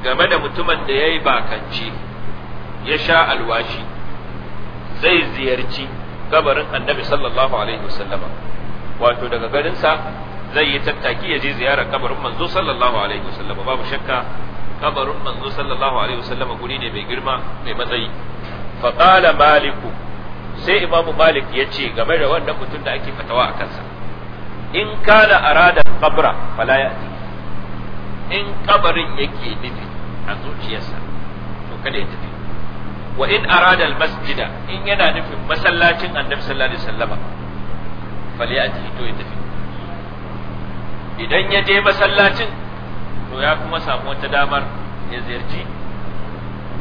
game da mutumin da ya yayi bakanci ya sha alwashi zai ziyarci kabarin annabi sallallahu alaihi wasallama wato daga garinsa zai yi tattaki ya je ziyarar kabarin manzo sallallahu alaihi wasallama babu shakka kabarin manzo sallallahu alaihi wasallam guri ne mai girma mai matsayi fa qala maliku sai imamu malik ya ce game da wannan mutum da ake fatawa a kansa in kana arada qabra fala ya'ti in kabarin yake nufi a zuciyarsa to kada ya tafi wa in arada al masjida in yana nufin masallacin annabi sallallahu alaihi wasallama fala ya'ti to ya tafi idan ya je masallacin ya kuma samu wata damar ya ziyarci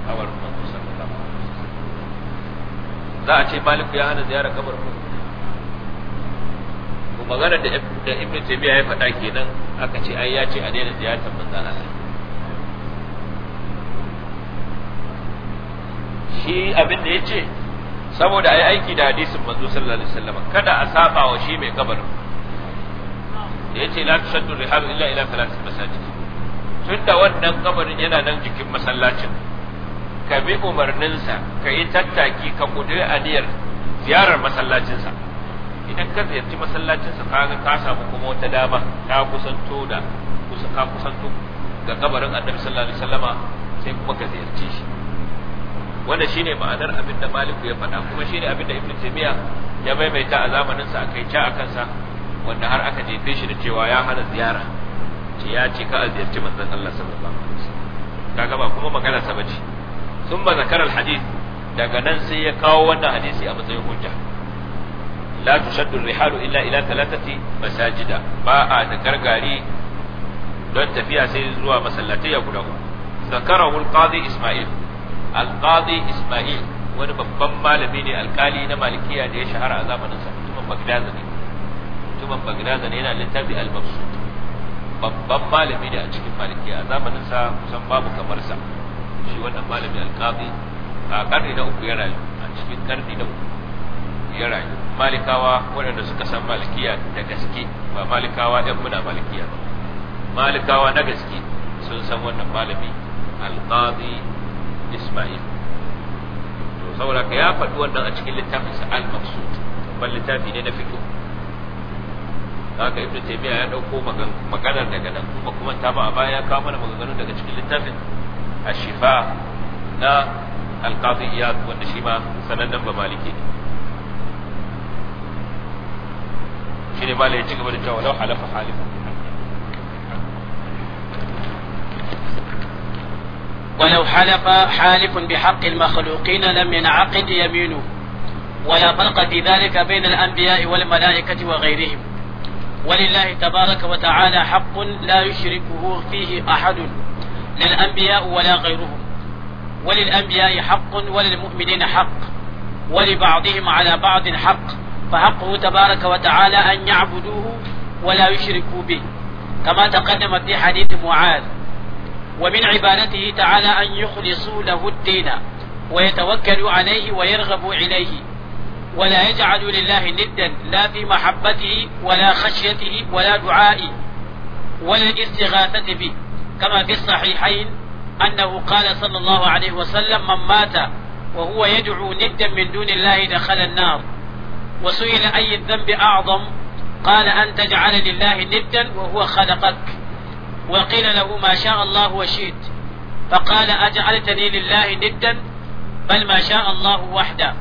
kabarin manzo sallallahu alaihi wasallam za a ce maliku ya hana ziyara kabarin manzo ko magana da da ibnu taymiya ya faɗa kenan aka ce ai ya ce a daina ziyartar manzo Allah shi abin da ya ce saboda ai aiki da hadisin manzo sallallahu alaihi wasallam kada a saba wa shi mai kabarin da yace la tusaddu rihab illa ila thalathati masajid da wannan kabarin yana nan jikin masallacin ka bi umarninsa ka yi tattaki ka kudiri aniyar ziyarar masallacinsa idan ka ziyarci masallacinsa ka ka samu kuma wata dama ka kusanto da ka kusanto ga kabarin annabi sallallahu alaihi wasallama sai kuma ka ziyarci shi wanda shine ma'anar abin da Maliku ya faɗa kuma shine abin da Ibn Taymiyyah ya maimaita a zamaninsa sa akai ca akan sa wanda har aka jefe shi da cewa ya hana ziyara ce ya ce ka a ziyarci manzon Allah sallallahu alaihi wasallam kaga ba kuma magana sa bace sun ba zakar alhadith daga nan sai ya kawo wannan hadisi a matsayin hujja la tushaddu rihalu illa ila thalathati masajida ba a da gargari don tafiya sai zuwa masallatai ya guda uku zakarahu alqadi isma'il alqadi isma'il wani babban malami ne alkali na malikiya da ya shahara a zamanin sa mutumin bagdad ne mutumin bagdad ne yana littafi al-mabsut babban malami ne a cikin malikiya a zamanin sa kusan babu kamar sa shi wannan malami alqabi a karni na uku ya rayu a cikin karni na uku ya rayu malikawa waɗanda suka san malikiya da gaske ba malikawa ɗan muna malikiya ba malikawa na gaske sun san wannan malami alqazi isma'il to saboda ka ya faɗi wannan a cikin littafin sa al-maqsud babban littafi ne na fiqh haka ibnu taymiya ya dauko maganar daga nan kuma kuma ta ba a baya ya kawo mana maganganun daga cikin littafin ashifa na alqadi iyad wanda shi ma sanannen ba maliki ne shine malai ya ci gaba da cewa law halafa halifa ولو حلف حالف بحق المخلوقين لم ينعقد يمينه ولا فرق في ذلك بين الأنبياء والملائكة وغيرهم ولله تبارك وتعالى حق لا يشركه فيه أحد لا الأنبياء ولا غيرهم وللأنبياء حق وللمؤمنين حق ولبعضهم على بعض حق فحقه تبارك وتعالى أن يعبدوه ولا يشركوا به كما تقدم في حديث معاذ ومن عبادته تعالى أن يخلصوا له الدين ويتوكلوا عليه ويرغبوا إليه ولا يجعل لله ندا لا في محبته ولا خشيته ولا دعائه ولا الاستغاثة به كما في الصحيحين أنه قال صلى الله عليه وسلم من مات وهو يدعو ندا من دون الله دخل النار وسئل أي الذنب أعظم قال أن تجعل لله ندا وهو خلقك وقيل له ما شاء الله وشئت فقال أجعلتني لله ندا بل ما شاء الله وحده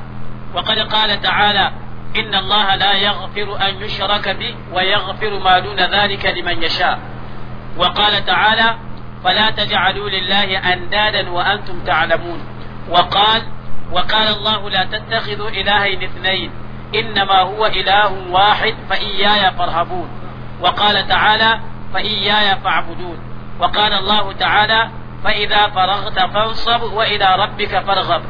وقد قال تعالى إن الله لا يغفر أن يشرك به ويغفر ما دون ذلك لمن يشاء وقال تعالى فلا تجعلوا لله أندادا وأنتم تعلمون وقال وقال الله لا تتخذوا إلهين اثنين إنما هو إله واحد فإياي فارهبون وقال تعالى فإياي فاعبدون وقال الله تعالى فإذا فرغت فانصب وإلى ربك فارغب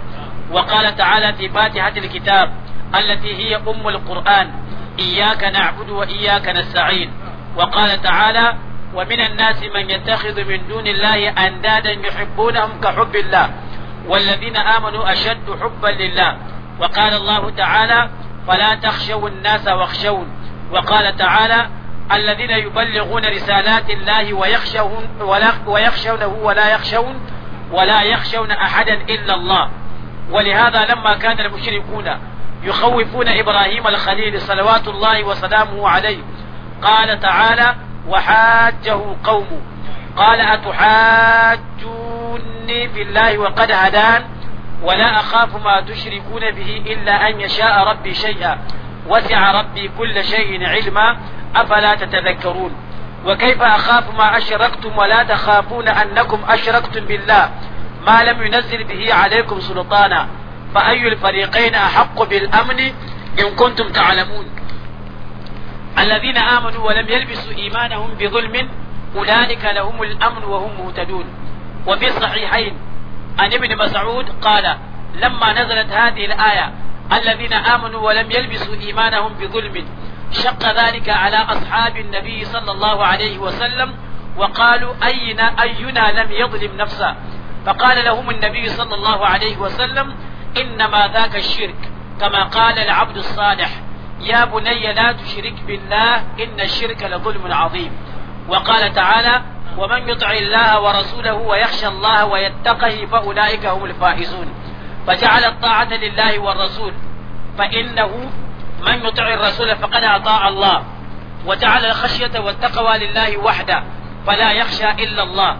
وقال تعالى في فاتحة الكتاب التي هي أم القرآن إياك نعبد وإياك نستعين وقال تعالى ومن الناس من يتخذ من دون الله أندادا يحبونهم كحب الله والذين آمنوا أشد حبا لله وقال الله تعالى فلا تخشوا الناس واخشون وقال تعالى الذين يبلغون رسالات الله ويخشون ولا ويخشونه ولا يخشون ولا يخشون أحدا إلا الله ولهذا لما كان المشركون يخوفون إبراهيم الخليل صلوات الله وسلامه عليه قال تعالى وحاجه قومه قال أتحاجوني في الله وقد هدان ولا أخاف ما تشركون به إلا أن يشاء ربي شيئا وسع ربي كل شيء علما أفلا تتذكرون وكيف أخاف ما أشركتم ولا تخافون أنكم أشركتم بالله ما لم ينزل به عليكم سلطانا فأي الفريقين أحق بالأمن إن كنتم تعلمون الذين آمنوا ولم يلبسوا إيمانهم بظلم أولئك لهم الأمن وهم مهتدون وفي الصحيحين عن ابن مسعود قال لما نزلت هذه الآية الذين آمنوا ولم يلبسوا إيمانهم بظلم شق ذلك على أصحاب النبي صلى الله عليه وسلم وقالوا أينا أينا لم يظلم نفسه فقال لهم النبي صلى الله عليه وسلم إنما ذاك الشرك كما قال العبد الصالح يا بني لا تشرك بالله إن الشرك لظلم عظيم وقال تعالى ومن يطع الله ورسوله ويخشى الله ويتقه فأولئك هم الفائزون فجعل الطاعة لله والرسول فإنه من يطع الرسول فقد أطاع الله وجعل الخشية والتقوى لله وحده فلا يخشى إلا الله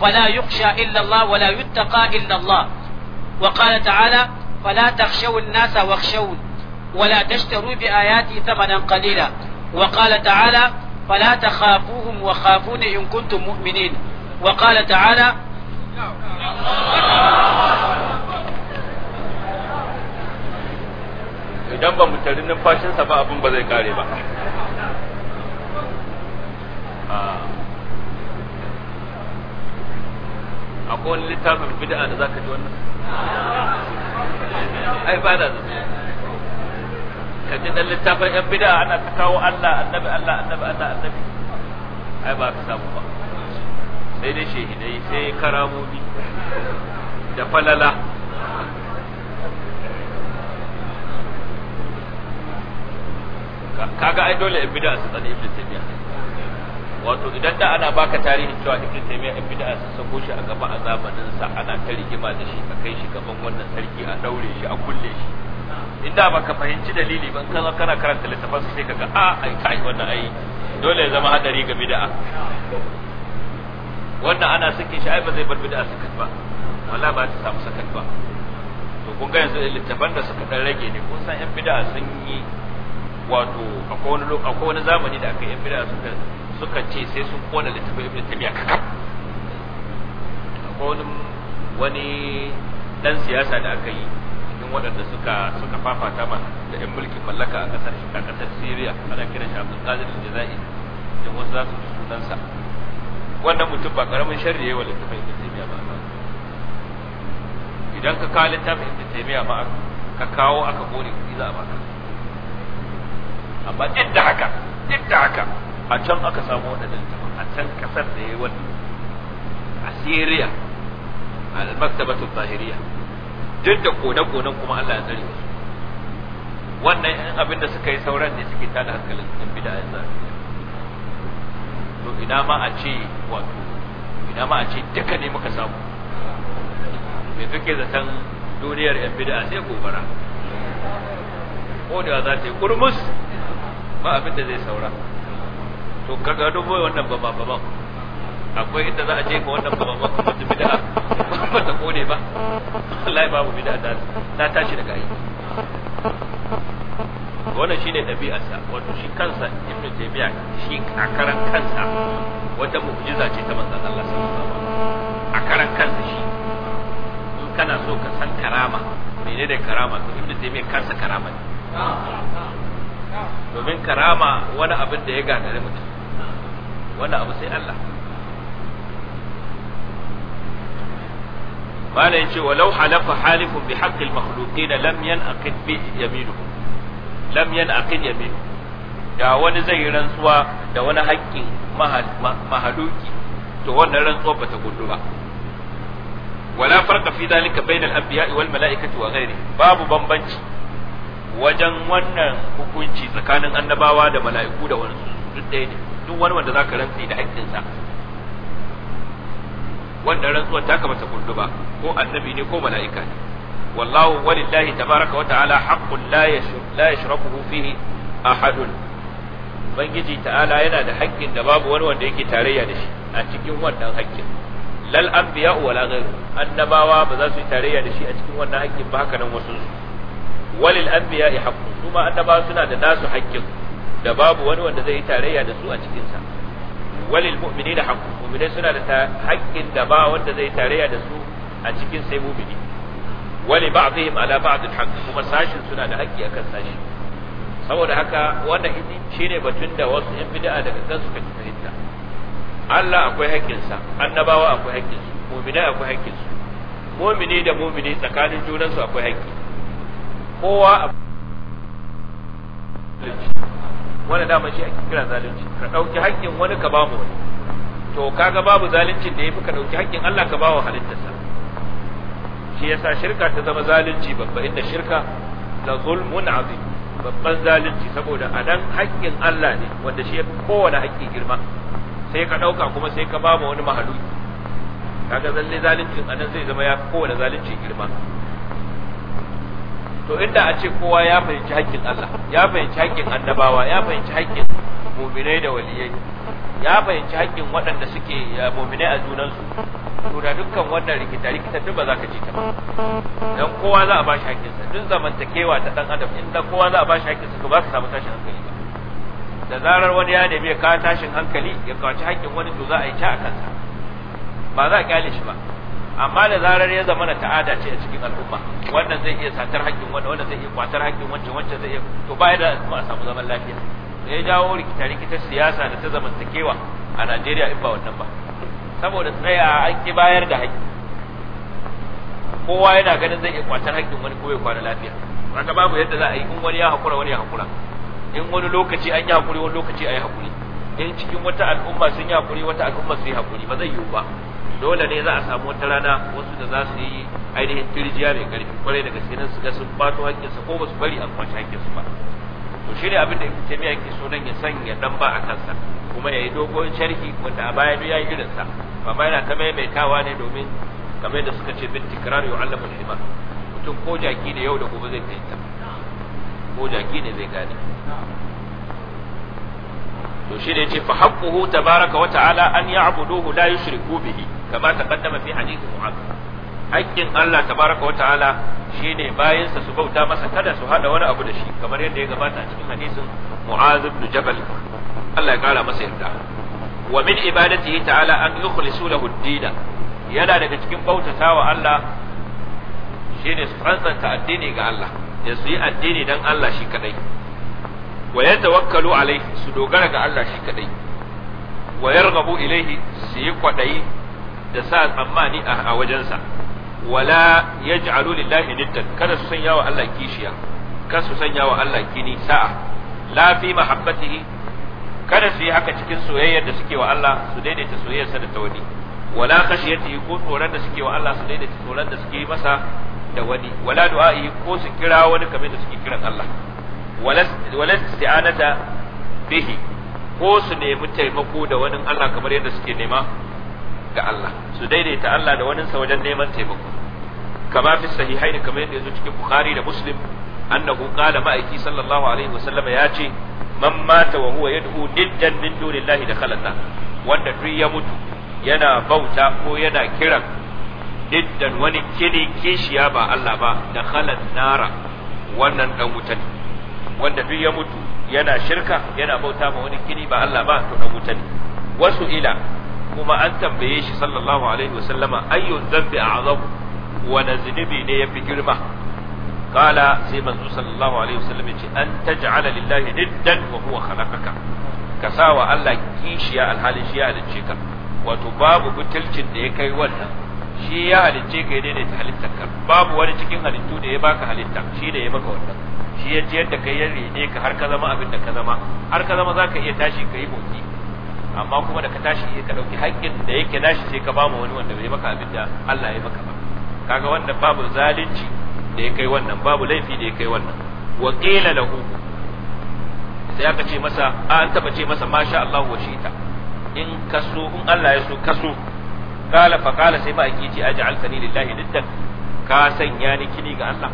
ولا يخشى إلا الله ولا يتقى إلا الله وقال تعالى فلا تخشوا الناس واخشون ولا تشتروا بآياتي ثمنا قليلا وقال تعالى فلا تخافوهم وخافون إن كنتم مؤمنين وقال تعالى idan ba mu tari numfashinsa ba abin ba zai kare ba ah. akwai wani littafin bid'a da zaka ji wannan ai ba da ka ji dan littafin yan bid'a ana ta kawo Allah annabi Allah annabi Allah annabi ai ba ka samu ba sai dai shehidai sai karamomi da falala kaga ai dole yan bid'a su tsani ibnu tabiya wato idan da ana baka tarihin cewa ibnu taymiya ibn bid'a sun sako shi a gaba a zamanin sa ana ta rigima da shi a kai shi gaban wannan sarki a daure shi a kulle shi inda baka fahimci dalili ban kana kana karanta littafin su sai kaga a ah, ai kai wannan ai dole ya zama hadari ga bid'a wannan ana sakin shi ai ba zai bar bid'a sakat ba wala ba ta samu sakat ba to kun ga yanzu littafan da suka dan rage ne kun san yan bid'a sun yi wato akwai wani akwai wani zamani da aka yi yan bid'a suka suka ce sai sun kona littafin ibn tabiya kakam akwai wani wani dan siyasa da aka yi cikin waɗanda suka suka fafata ma da yan mulkin mallaka a ƙasar a ƙasar Syria ana kiran shi Abdul Qadir al-Jazai da wasu za su ji sunansa wannan mutum ba karamin sharri yayi wa littafin ibn tabiya ba idan ka kawo littafin ibn tabiya ba ka kawo aka kore ku za a baka amma duk da haka duk da haka a can aka samu waɗannan littafin a can kasar da yayi wannan a Syria a maktabatu zahiriya duk da kone-konen kuma Allah ya tsare su wannan yan abin da suka yi sauran ne suke tada hankalin ɗin bidayen yanzu to ina ma a ce wato ina ma a ce duka ne muka samu me kake zaton duniyar yan bid'a sai gobara ko da za ta yi kurmus ba abin da zai saura to kaga don boye wannan ba ba ba akwai inda za a je ga wannan ba ba kuma da bid'a ba ta kone ba wallahi babu bid'a ta ta tashi daga yi wannan shine dabi'arsa wato shi kansa ibnu taymiya shi a karan kansa wata mu'jiza ce ta manzon Allah sallallahu alaihi wasallam a karan kansa shi in kana so ka san karama menene karama to ibnu taymiya kansa karama ne domin karama wani abin da ya gagare mutum wannan abu sai Allah mala yace walau halafa halifun bi haqqil makhluqin lam yanaqid bi yaminuhu lam yanaqid yaminu da wani zai yi rantsuwa da wani haƙƙin mahaluki to wannan rantsuwa ba ta gudu ba wala farqa fi dhalika bainal anbiya'i wal mala'ikati wa ghairi babu bambanci wajen wannan hukunci tsakanin annabawa da mala'iku da wani duk ɗaya ne duk wani wanda zaka rantsi da haƙƙinsa wanda rantsuwar ta kamata ba ko annabi ne ko mala'ika ne wallahu walillahi tabaraka wa ta'ala haqqun la la yashrakuhu fihi ahadun bangiji ta'ala yana da haƙƙin da babu wani wanda yake tarayya da shi a cikin wannan haƙƙin lal anbiya wala ghayr annabawa ba za su yi tarayya da shi a cikin wannan haƙƙin ba haka nan wasu walil anbiya haqqun kuma annabawa suna da nasu haƙƙin da babu wani wanda zai yi tarayya da su a cikinsa. sa walil da haqqu mu'minai suna da haƙƙin da ba wanda zai tarayya da su a cikin sai mu'mini wali ba'dihim ala ba'd haqq kuma sashin suna da haƙƙi akan sashi saboda haka wannan idi shine batun da wasu yan bid'a daga kan suka fahimta Allah akwai haƙƙinsa annabawa akwai haƙƙinsu mu'minai akwai haƙƙinsu mu'mini da mu'mini tsakanin junansu akwai haƙƙi kowa a wanda dama shi ake kira zalunci ka ɗauki haƙƙin wani ka bamu wani to kaga babu zaluncin da ya fi ka ɗauki haƙƙin Allah ka bawa halittarsa shi yasa shirka ta zama zalunci babba inda shirka la zulmun azim babban zalunci saboda a nan haƙƙin Allah ne wanda shi ya fi kowane haƙƙi girma sai ka ɗauka kuma sai ka bamu wani mahaluki kaga zalle zaluncin a nan zai zama yafi kowane zalunci girma to inda a ce kowa ya fahimci haƙƙin Allah ya fahimci haƙƙin annabawa ya fahimci haƙƙin muminai da waliyai ya fahimci haƙƙin waɗanda suke muminai a junansu to da dukkan wannan rikita rikita duk ba za ka ji ta ba dan kowa za a ba shi haƙƙinsa duk zamantakewa ta dan adam inda kowa za a ba shi haƙƙinsa to ba ka samu tashin hankali ba da zarar wani ya nemi ya kawo tashin hankali ya kawo haƙƙin wani to za a yi ta a kansa ba za a kyale shi ba amma da zarar ya zama na ta'ada ce a cikin al'umma wannan zai iya satar haƙƙin wani wannan zai iya kwatar haƙƙin wancan wancan zai iya to baya da kuma a samu zaman lafiya da ya jawo rikita rikitar siyasa da ta zamantakewa a Najeriya in ba wannan ba saboda tsaya a ake bayar da haƙƙi kowa yana ganin zai iya kwatar haƙƙin wani ko ya kwana lafiya haka babu yadda za a yi in wani ya hakura wani ya hakura in wani lokaci an yi hakuri wani lokaci a yi hakuri in cikin wata al'umma sun yi hakuri wata al'umma sun yi hakuri ba zai yiwu ba dole ne za a samu wata rana wasu da za su yi ainihin turjiya mai karfi kwarai daga sinan su ga sun bato hakkinsa ko ba su bari a kwashe hakkinsu ba to shi ne abin da ibn taymiya yake so nan ya sanya dan ba a kansa kuma ya yi dogon sharhi wanda a baya duk yi irinsa amma yana ta maimaitawa ne domin kamar da suka ce bin tikrar yu'allamu al-himar mutum ko jaki ne yau da gobe zai fahimta ko jaki ne zai gane to shi ne ce fa haqquhu tabaraka wa ta'ala an ya'buduhu la yushriku bihi kama taqaddama fi hadith mu'adh haƙƙin Allah tabaraka wa ta'ala shine bayan sa su bauta masa kada su hada wani abu da shi kamar yadda ya gabata a cikin hadisin Mu'adh ibn Jabal Allah ya kara masa yarda wa min ibadatihi ta'ala an yukhlisu lahu ad-din yana daga cikin bautatawa Allah shine su tsantsanta addini ga Allah da su yi addini dan Allah shi kadai wa yatawakkalu alaihi su dogara ga Allah shi kadai wa yarghabu ilaihi su yi kwadayi da sa tsammani a wajensa wala yaj'alu lillahi niddan kada su sanya wa Allah kishiya kada su sanya wa Allah kini sa'a la fi mahabbatihi kada su yi haka cikin soyayyar da suke wa Allah su daidaita soyayyarsa da ta wani wala khashiyatihi ko tsoron da suke wa Allah su daidaita tsoron da suke masa da wani wala du'a'i ko su kira wani kamar da suke kiran Allah wala isti'anata bihi ko su nemi taimako da wani Allah kamar yadda suke nema ga Allah su daidaita Allah da waninsa wajen neman taimako kama fi sahihaini kamar yadda yazo cikin Bukhari da Muslim annahu qala ma'aiki sallallahu alaihi wa wasallam ya ce man mata wa huwa yad'u niddan min dunillahi da khalata wanda duk ya mutu yana bauta ko yana kiran diddan wani kini kishiya ba Allah ba da khalat nara wannan dan wutan wanda duk ya mutu yana shirka yana bauta ma wani kini ba Allah ba to na wuta ne wasu ila kuma an tambaye shi sallallahu alaihi wasallama ayyu dhanbi a'zam wa nazdibi ne yafi girma kala sai manzo sallallahu alaihi wasallam yace an taj'ala lillahi niddan wa huwa khalaqaka wa Allah kishiya alhalin shi ya halicce ka wato babu butulcin da ya kai wannan shi ya halicce ka ya daidaita halittar ka babu wani cikin halittu da ya baka halitta shi da ya maka wannan shi ya ciyar da kai ya ne ka har ka zama abin da ka zama har ka zama zaka iya tashi ka yi motsi amma kuma da ka tashi ka dauki haƙƙin da yake nashi sai ka ba mu wani wanda bai maka abin da Allah ya maka ba kaga wannan babu zalunci da ya kai wannan babu laifi da ya kai wannan wa qila lahu sai aka ce masa an taba ce masa masha Allah wa shi'ta in kaso in Allah ya so kaso kala fa kala sai a ce aj'altani lillahi niddan ka sanya ni kini ga Allah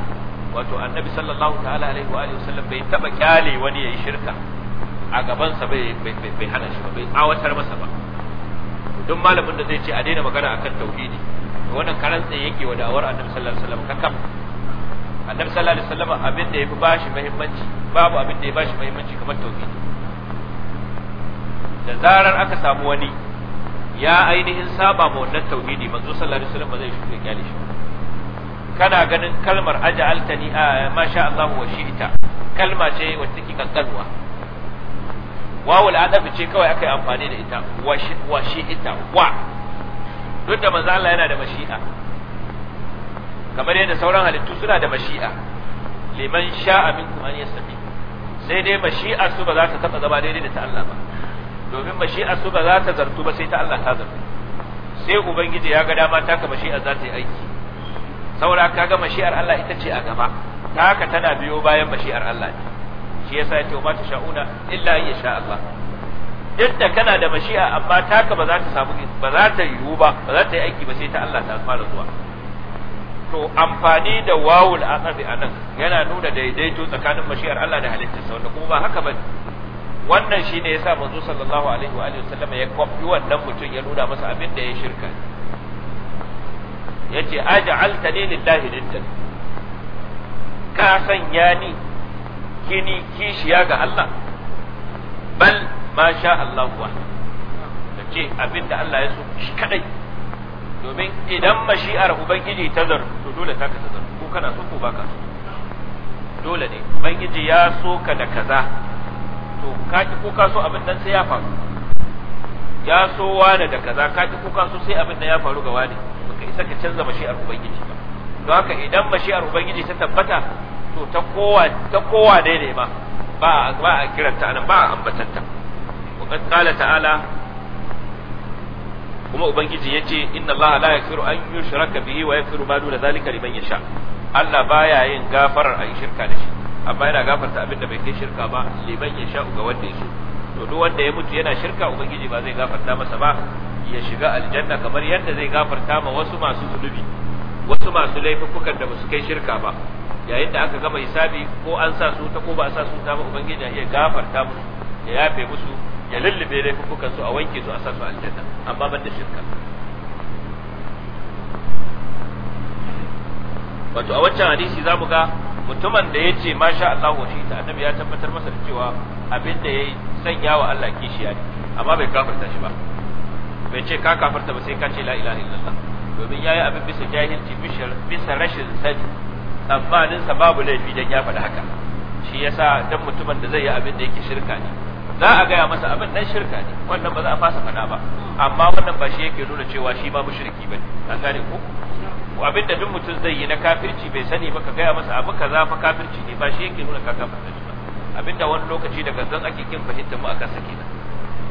wato annabi sallallahu ta'ala alaihi wa alihi wasallam bai taba kyale wani yayi shirka a gaban sa bai bai hana shi ba bai awatar masa ba duk malamin da zai ce a daina magana akan tauhidi wannan karan tsaye yake wa da'awar annabi sallallahu alaihi wasallam kakam annabi sallallahu alaihi wasallam abin da yafi bashi muhimmanci babu abin da ya bashi muhimmanci kamar tauhidi da zarar aka samu wani ya ainihin saba ma wannan tauhidi manzo sallallahu alaihi wasallam ba zai shuke kyale shi kana ganin kalmar aj'altani a masha Allah wa shi'ta kalma ce wacce take kankanwa wawul adab ce kawai aka yi amfani da ita wa shi'ta wa duk da manzo Allah yana da mashi'a kamar yadda sauran halittu suna da mashi'a liman sha'a minkum an yastaqim sai dai mashi'a su ba za ta taba zama daidai da ta Allah ba domin mashi'a su ba za ta zartu ba sai ta Allah ta zartu sai ubangiji ya ga dama taka mashi'a za ta yi aiki saboda ga mashi'ar Allah ita ce a gaba taka tana biyo bayan mashi'ar Allah ne shi yasa ya ce ma ta sha'una illa ya sha Allah duk da kana da mashi'a amma taka ba za ta samu ba za ta yiwu ba ba za ta yi aiki ba sai ta Allah ta fara zuwa to amfani da wawul asabi anan yana nuna daidaito tsakanin mashi'ar Allah da halittarsa wanda kuma ba haka ba wannan shi ne ya sa manzo sallallahu alaihi wa sallama ya kwafi wannan mutum ya nuna masa abin da ya shirka ya ce aja'alta ne lillahi niddan ka sanya ni kini kishiya ga Allah bal ma sha Allah wa da ce abin da Allah ya so shi kadai domin idan mashi'ar ubangiji ta zar to dole ta ka ta zar ko kana so ko baka dole ne ubangiji ya so ka da kaza to kaki ki ko ka so abin nan sai ya faru ya so wane da kaza Kaki ki ko ka so sai abin nan ya faru ga wane baka isa ka canza mashi'ar ubangiji ba don haka idan mashi'ar ubangiji ta tabbata to ta kowa ta kowa daidai ma ba ba a kiranta nan ba a ambatanta wa qad ta'ala kuma ubangiji ya yace inna allaha la yaghfiru an yushraka bihi wa yaghfiru ma duna zalika liman yasha Allah baya yin gafarar a yi shirka da shi amma yana gafarta abin da bai kai shirka ba liman ya sha ga wanda yake to duk wanda ya mutu yana shirka ubangiji ba zai gafarta masa ba ya shiga aljanna kamar yadda zai gafarta ma wasu masu zunubi wasu masu laifukan da basu kai shirka ba yayin da aka gama hisabi ko an sa su ta ko ba a sa su ta ba ubangiji ya gafarta musu ya yafe musu ya lullube laifukan su a wanke su a sa su aljanna amma ban da shirka wato a wancan hadisi zamu ga mutumin da ya ce masha Allah wa shi ta annabi ya tabbatar masa da cewa abin da ya sanya wa Allah kishiya ne amma bai kafirta shi ba bai ce ka kafirta ba sai ka ce la ilaha illallah domin yayi abin bisa jahilci bisa rashin sani tsammanin sa babu laifi don ya faɗi haka shi yasa dan mutumin da zai yi abin da yake shirka ne za a gaya masa abin dan shirka ne wannan ba za a fasa fana ba amma wannan ba shi yake nuna cewa shi ba mushriki bane an gane ko abin da duk mutum zai yi na kafirci bai sani ba ka gaya masa abu kaza fa kafirci ne ba shi yake nuna ka kafirci ba abin da wani lokaci daga zan ake kin fahimta mu akan sake na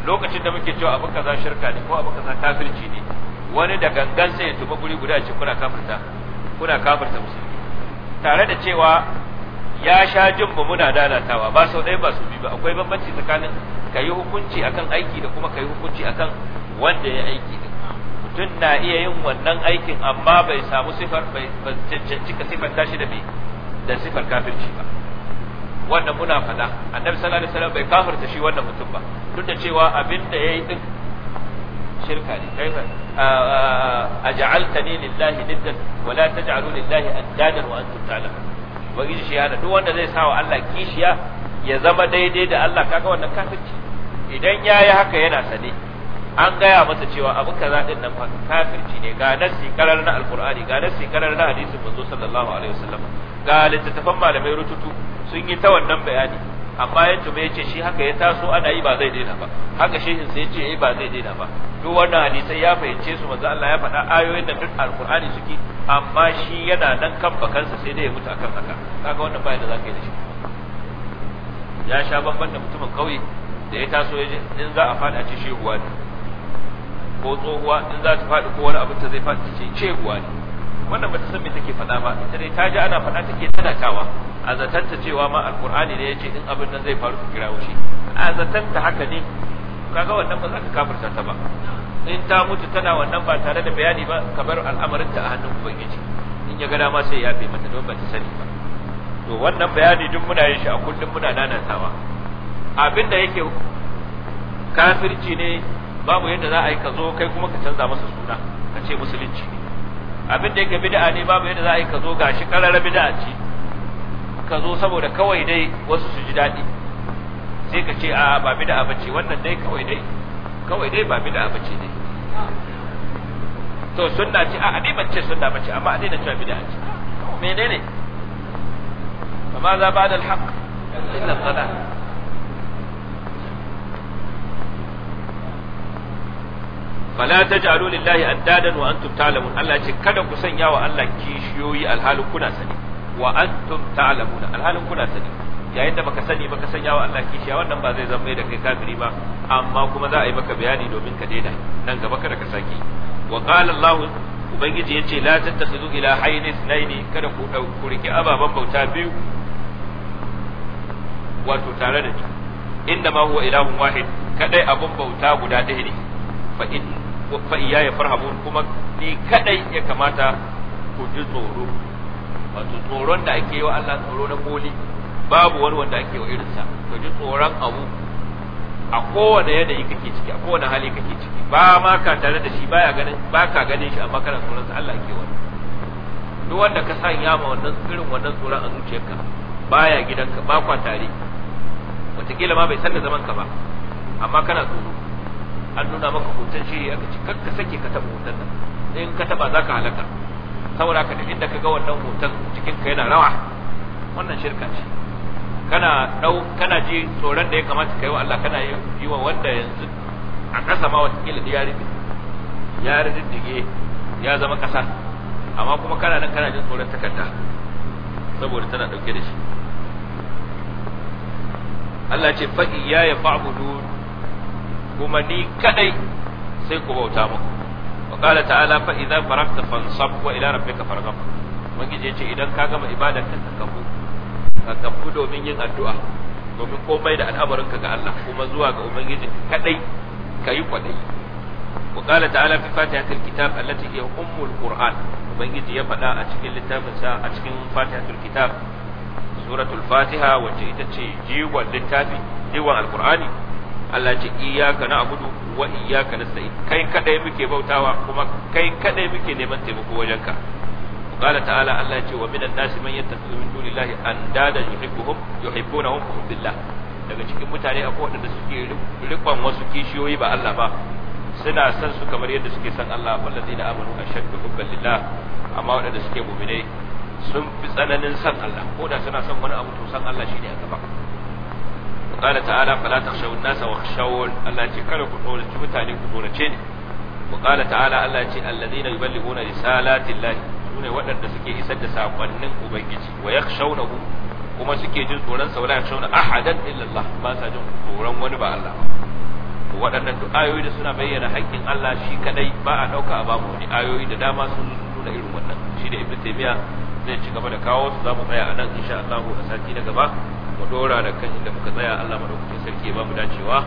lokacin da muke cewa abu kaza shirka ne ko abu kaza kafirci ne wani da gangan sai ya tuba guri guda ce kuna kafirta kuna kafirta musulmi tare da cewa ya sha jin ba muna dalatawa ba sau ɗaya ba su bi ba akwai bambanci tsakanin ka yi hukunci akan aiki da kuma ka yi hukunci akan wanda ya aiki mutum na iya yin wannan aikin amma bai samu sifar bai cancanci ka sifar tashi da mai da sifar kafirci ba wannan muna faɗa annabi sallallahu alaihi wasallam bai kafirta shi wannan mutum ba duk da cewa abin da yayi din shirka ne kai kaifa aj'altani lillahi niddan wa la taj'alu lillahi addadan wa antum wa ubangiji shi yana duk wanda zai sa wa Allah kishiya ya zama daidai da Allah kaga wannan kafirci idan yayi haka yana sane an gaya masa cewa abu kaza din nan kafirci ne ga nassi karar na alqur'ani ga nassi karar na hadisin manzo sallallahu alaihi wasallam ga littattafan malamai rututu sun yi ta wannan bayani amma ya tuba ya ce shi haka ya taso ana yi ba zai daina ba haka shehin sai ya ce eh ba zai daina ba duk wannan hadisai ya fahimce su manzo Allah ya faɗa ayoyin da duk alqur'ani suke amma shi yana nan kan bakansa sai dai ya mutu akan haka kaga wannan bai da zaka yi da shi ya sha bamban da mutumin kauye da ya taso ya in za a faɗa ce shehuwa ne ko tsohuwa in za ta faɗi ko wani abin ta zai faɗi ta ce ceguwa ne wannan bata san me take faɗa ba ita dai ta ji ana faɗa take tsanatawa a zatanta cewa ma Alƙur'ani ne yace in abin nan zai faru ka kira wuce a zatanta haka ne kaga wannan ba za ka kafirta ta ba in ta mutu tana wannan ba tare da bayani ba ka bar al'amarin ta a hannun ubangiji in ya ga dama sai ya fi mata don ba ta sani ba to wannan bayani duk muna yin shi a kullum muna nanatawa abin da yake kafirci ne babu yadda za a yi ka zo kai kuma ka canza masa suna ka ce musulunci abin da yake bid'a ne babu yadda za a yi ka zo gashi karara bid'a ce ka zo saboda kawai dai wasu su ji daɗi sai ka ce a ba bid'a bace wannan dai kawai dai kawai dai ba bid'a bace dai to sunna ce a ne ce sunna bace amma a na cewa bid'a ce menene amma za ba da alhaq illa dhalal fala taj'alu lillahi addadan wa antum ta'lamun Allah ya ce kada ku sanya wa Allah kishiyoyi alhalin kuna sani wa antum ta'lamuna alhalin kuna sani yayin da baka sani baka sanya wa Allah kishiya wannan ba zai zama da kai kafiri ba amma kuma za a yi maka bayani domin ka daina nan gaba kada ka saki wa qala Allah ubangiji yace la tattakhidhu ila hayni ithnaini kada ku dauki rike ababan bauta biyu wato tare da ni inda ma huwa ilahun wahid kadai abun bauta guda ɗaya ne fa in fa iyaya farhabun kuma ni kadai ya kamata ku ji tsoro wato tsoron da ake yi wa Allah tsoro na koli babu wani wanda ake wa irinsa ka ji tsoron abu a kowane yanayi kake ciki a kowane hali kake ciki ba ma ka tare da shi baya ganin ba ka ganin shi amma kana tsoron sa Allah ke wani duk wanda ka sanya ma wannan irin wannan tsoron a zuciyarka baya gidanka ba kwa tare kila ma bai san da zaman ka ba amma kana tsoro an nuna maka hoton shi aka ci ka sake ka taɓa hoton nan in ka taɓa za ka halaka saboda ka da inda ka ga wannan hoton cikin ka yana rawa wannan shirka ce kana dau kana ji tsoron da ya kamata ka yi wa Allah kana yi wa wanda yanzu a kasa ma wata kila ya rufe ya rufe ya zama ƙasa amma kuma kana nan kana jin tsoron takarda saboda tana ɗauke da shi Allah ce faɗi ya ya fa'budu kuma ni kadai sai ku bauta mu wa qala ta'ala fa idza farakta fansab wa ila rabbika farghab ubangiji ce idan ka gama ibadar ka ka kafu ka kafu domin yin addu'a domin komai da al'amarin ga Allah kuma zuwa ga ubangiji kadai kayi kwadai wa qala ta'ala fi fatihatil kitab allati hiya ummul qur'an ubangiji ya faɗa a cikin littafin sa a cikin fatihatul kitab suratul fatiha wacce ita ce jiwon littafi jiwon alqur'ani Allah ce iyyaka na'budu wa iyyaka nasta'in kai kadai muke bautawa kuma kai kadai muke neman taimako wajenka قال تعالى الله يجي ومن الناس من يتخذ من دون الله اندادا يحبهم يحبونهم كحب الله daga cikin mutane akwai waɗanda suke rikon wasu kishiyoyi ba Allah ba suna san su kamar yadda suke san Allah wallazi da amanu ashaddu hubban lillah amma waɗanda suke mu'minai sun fi tsananin san Allah ko da suna san wani abu to san Allah shine a gaba qala ta'ala fala takhshaw an-nasa wakhshawun Allah ce kada ku tsorace mutane ku tsorace ni wa qala ta'ala Allah ya ce alladhina yuballighuna risalati Allah sune waɗanda suke isar da sakonnin ubangiji wa yakhshawnahu kuma suke jin tsoron sa wala yakhshawna ahadan illa Allah ba sa jin tsoron wani ba Allah to waɗannan da suna bayyana haƙƙin Allah shi kadai ba a dauka a babu wani ayoyi da dama sun nuna irin wannan shi da zai ci gaba da kawo su za mu tsaya a nan insha Allah a sati na gaba mu dora da kan inda muka tsaya Allah madaukakin sarki ya bamu dacewa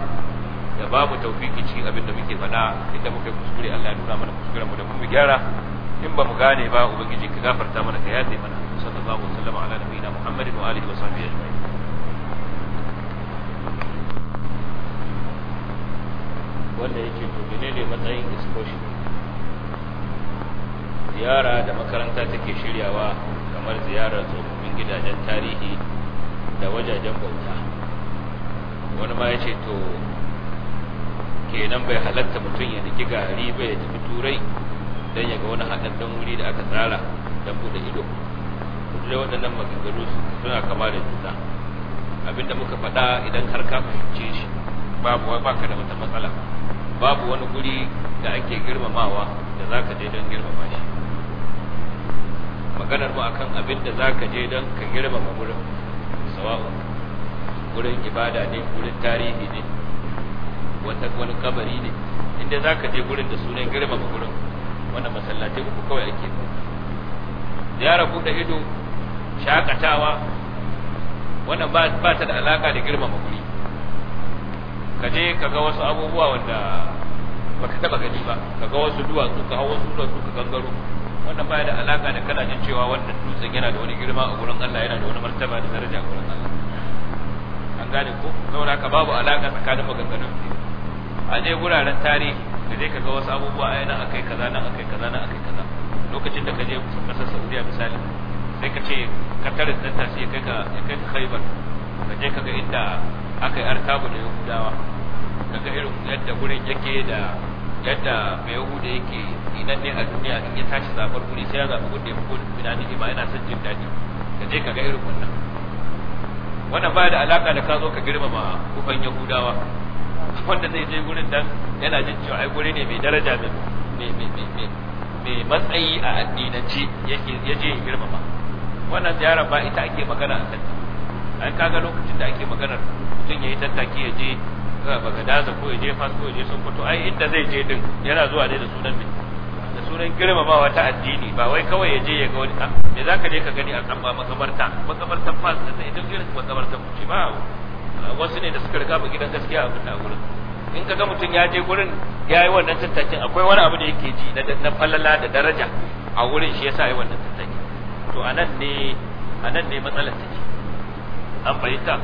ya bamu tawfiki cikin abin da muke faɗa inda muka yi kuskure Allah ya nuna mana kuskuren mu da mu gyara in ba mu gane ba ubangiji ka gafarta mana ka yafe mana sallallahu alaihi wa sallam ala nabiyina muhammadin wa alihi wa sahbihi ajma'in wanda yake to menene matsayin iskoshi ziyara da makaranta take shiryawa kamar ziyarar tsofaffin gidajen tarihi da wajajen bauta wani ma ya ce to kenan bai halatta mutum ya daki gari bai ya tafi turai don ya ga wani haɗaɗɗen wuri da aka tsara don buɗe ido da waɗannan maganganu suna kama da juna abinda muka faɗa idan har ka fahimce shi babu wai baka da wata matsala babu wani guri da ake girmamawa da zaka je don girmama shi maganar mu akan abin da zaka je don ka girmama gurin sawa'un gurin ibada ne gurin tarihi ne wata wani kabari ne inda za ka je gurin da sunan girmama gurin wanda masallatai uku kawai ake ba ziyara buɗe ido shakatawa wannan ba ta da alaka da girmama guri ka je ka ga wasu abubuwa wanda baka taba gani ba ga wasu duwatsu ka hawo wasu duwatsu ka gangaro wannan baya da alaka da kana jin cewa wannan dutsen yana da wani girma a gurin Allah yana da wani martaba da daraja a gurin Allah an gane ko saboda haka babu alaka tsakanin maganganun biyu a je guraren tarihi da dai ga wasu abubuwa a yana akai kaza nan akai kaza nan akai kaza lokacin da ka je kasar Saudiya misali sai ka ce ka tare da ta kai ka kai ka Khaibar ka je ga inda aka yi artabu da Yahudawa daga irin yadda gurin yake da yadda mai da yake idan ne a duniya in ya tashi zaɓar kuri sai ya zaɓi kuɗi ya fi kuɗi ima yana son jin daɗi ka je ka ga irin wannan wannan baya da alaka da ka zo ka girmama kufan yahudawa wanda zai je gurin dan yana jin cewa ai guri ne mai daraja mai mai matsayi a addinance yake je ya girmama wannan ziyara ba ita ake magana a kanta an kaga lokacin da ake maganar tattaki ya je da ko ya je fas ko ya je sokoto ai inda zai je din yana zuwa ne da sunan mai da sunan girmamawa ta addini ba wai kawai ya je ya ga wani me za ka je ka gani a kan ba makabarta makabartan fas da zai duk irin makabartan kuci ba wasu ne da suka riga ba gidan gaskiya a da gurin in ka ga mutum ya je gurin ya yi wannan tattakin akwai wani abu da yake ji na falala da daraja a wurin shi yasa yi wannan tattakin to anan ne anan ne matsalar take an fahimta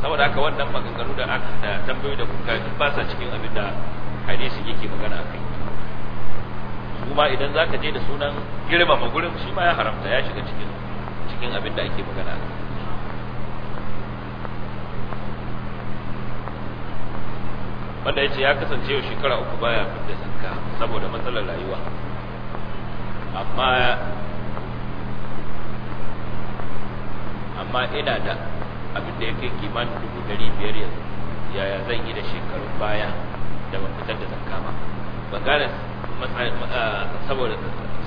saboda haka wannan maganganu da aka da tambayoyi da kuka duk ba sa cikin abin da hadisi yake magana akai kuma idan zaka je da sunan girmama gurin shi ma ya haramta ya shiga cikin cikin abin da ake magana akai wanda ya ce ya kasance yau shekara uku baya da zakka saboda matsalar rayuwa amma amma ina da abin da ya kai kimanin dubu dari biyar yanzu yaya zan yi da shekarun baya da ban fitar da zakka ba ban gane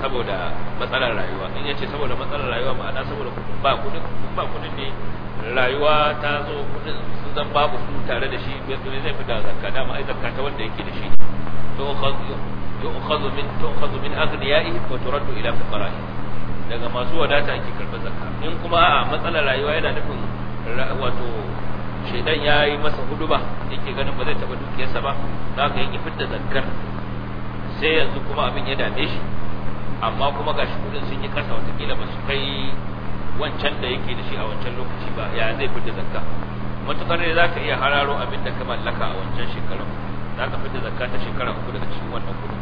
saboda matsalar rayuwa in yace saboda matsalar rayuwa ma'ana saboda ba kudin ba kudin ne rayuwa ta zo kudin sun zan babu su tare da shi me zai fita zakka dama ai zakka ta wanda yake da shi to khazu min khazu min aghniyaihi wa turaddu ila fuqara'i daga masu wadata ake karɓar zakka in kuma a matsalar rayuwa yana nufin wato shaidan ya yi masa huduba yake ganin ba zai taba dukiyarsa ba za ka yake fitta zakkar sai yanzu kuma abin ya dame shi amma kuma shi kudin sun yi kasa watakila ba su kai wancan da yake da shi a wancan lokaci ba ya zai fitta zakka matukar ne za ka iya hararo abin da ka mallaka a wancan shekarun za ka fitta zakka ta shekara uku daga cikin wannan kudin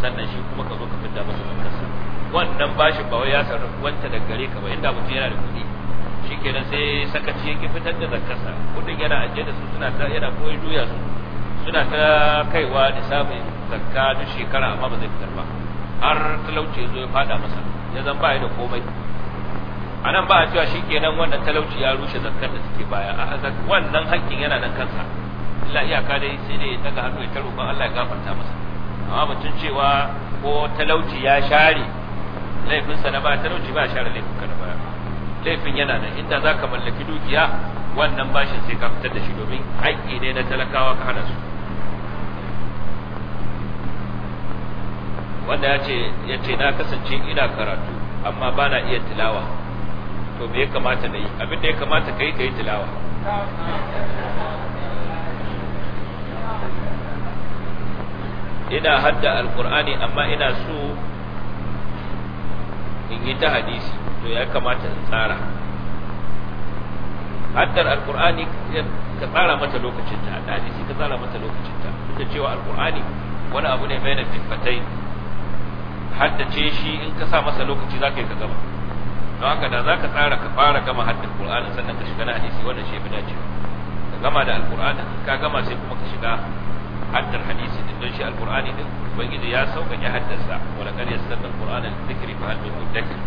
sannan shi kuma ka zo ka fitta masa zakkarsa wannan bashin ba wai ya sarrafa wancan da gare ka ba inda mutum yana da kuɗi Shi ke nan sai sakaci yake fitar da zakarsa kudin yana ajiye da su suna ta yana koyi juya su suna ta kaiwa da samun zakka duk shekara amma ba zai fitar ba har talauci ya zo ya fada masa ya zan ba da komai a nan ba a cewa shi ke nan wannan talauci ya rushe zakkar da suke baya a wannan hakkin yana nan kansa illa iyaka dai sai dai ya daga hannu ya taro ban Allah ya gafarta masa amma mutum cewa ko talauci ya share laifinsa na ba talauci ba share laifinka na baya laifin yana nan inda za ka mallaki dukiya wannan bashin sai ka fitar da shi domin haƙƙi ne na talakawa ka hana su wanda ya ce ya ce na kasance ina karatu amma ba na iya tilawa to me ya kamata na yi abin da ya kamata ka yi ka yi tilawa ina hadda alkur'ani amma ina so in yi ta hadisi to ya kamata in tsara haddar alkur'ani ka tsara mata lokacinta a hadisi ka tsara mata lokacinta ta da cewa alkur'ani wani abu ne bayanan tiffatai haddace shi in ka sa masa lokaci za ka yi ka gama don haka da za ka tsara ka fara gama haddar alkur'ani sannan ka shiga na hadisi wannan shi ya fi dacewa ka gama da alkur'ani ka gama sai kuma ka shiga haddar hadisi din don shi alqur'ani din ubangiji ya ya haddasa wala kad yassarna alqur'ana lidhikri fa hal min mudakkir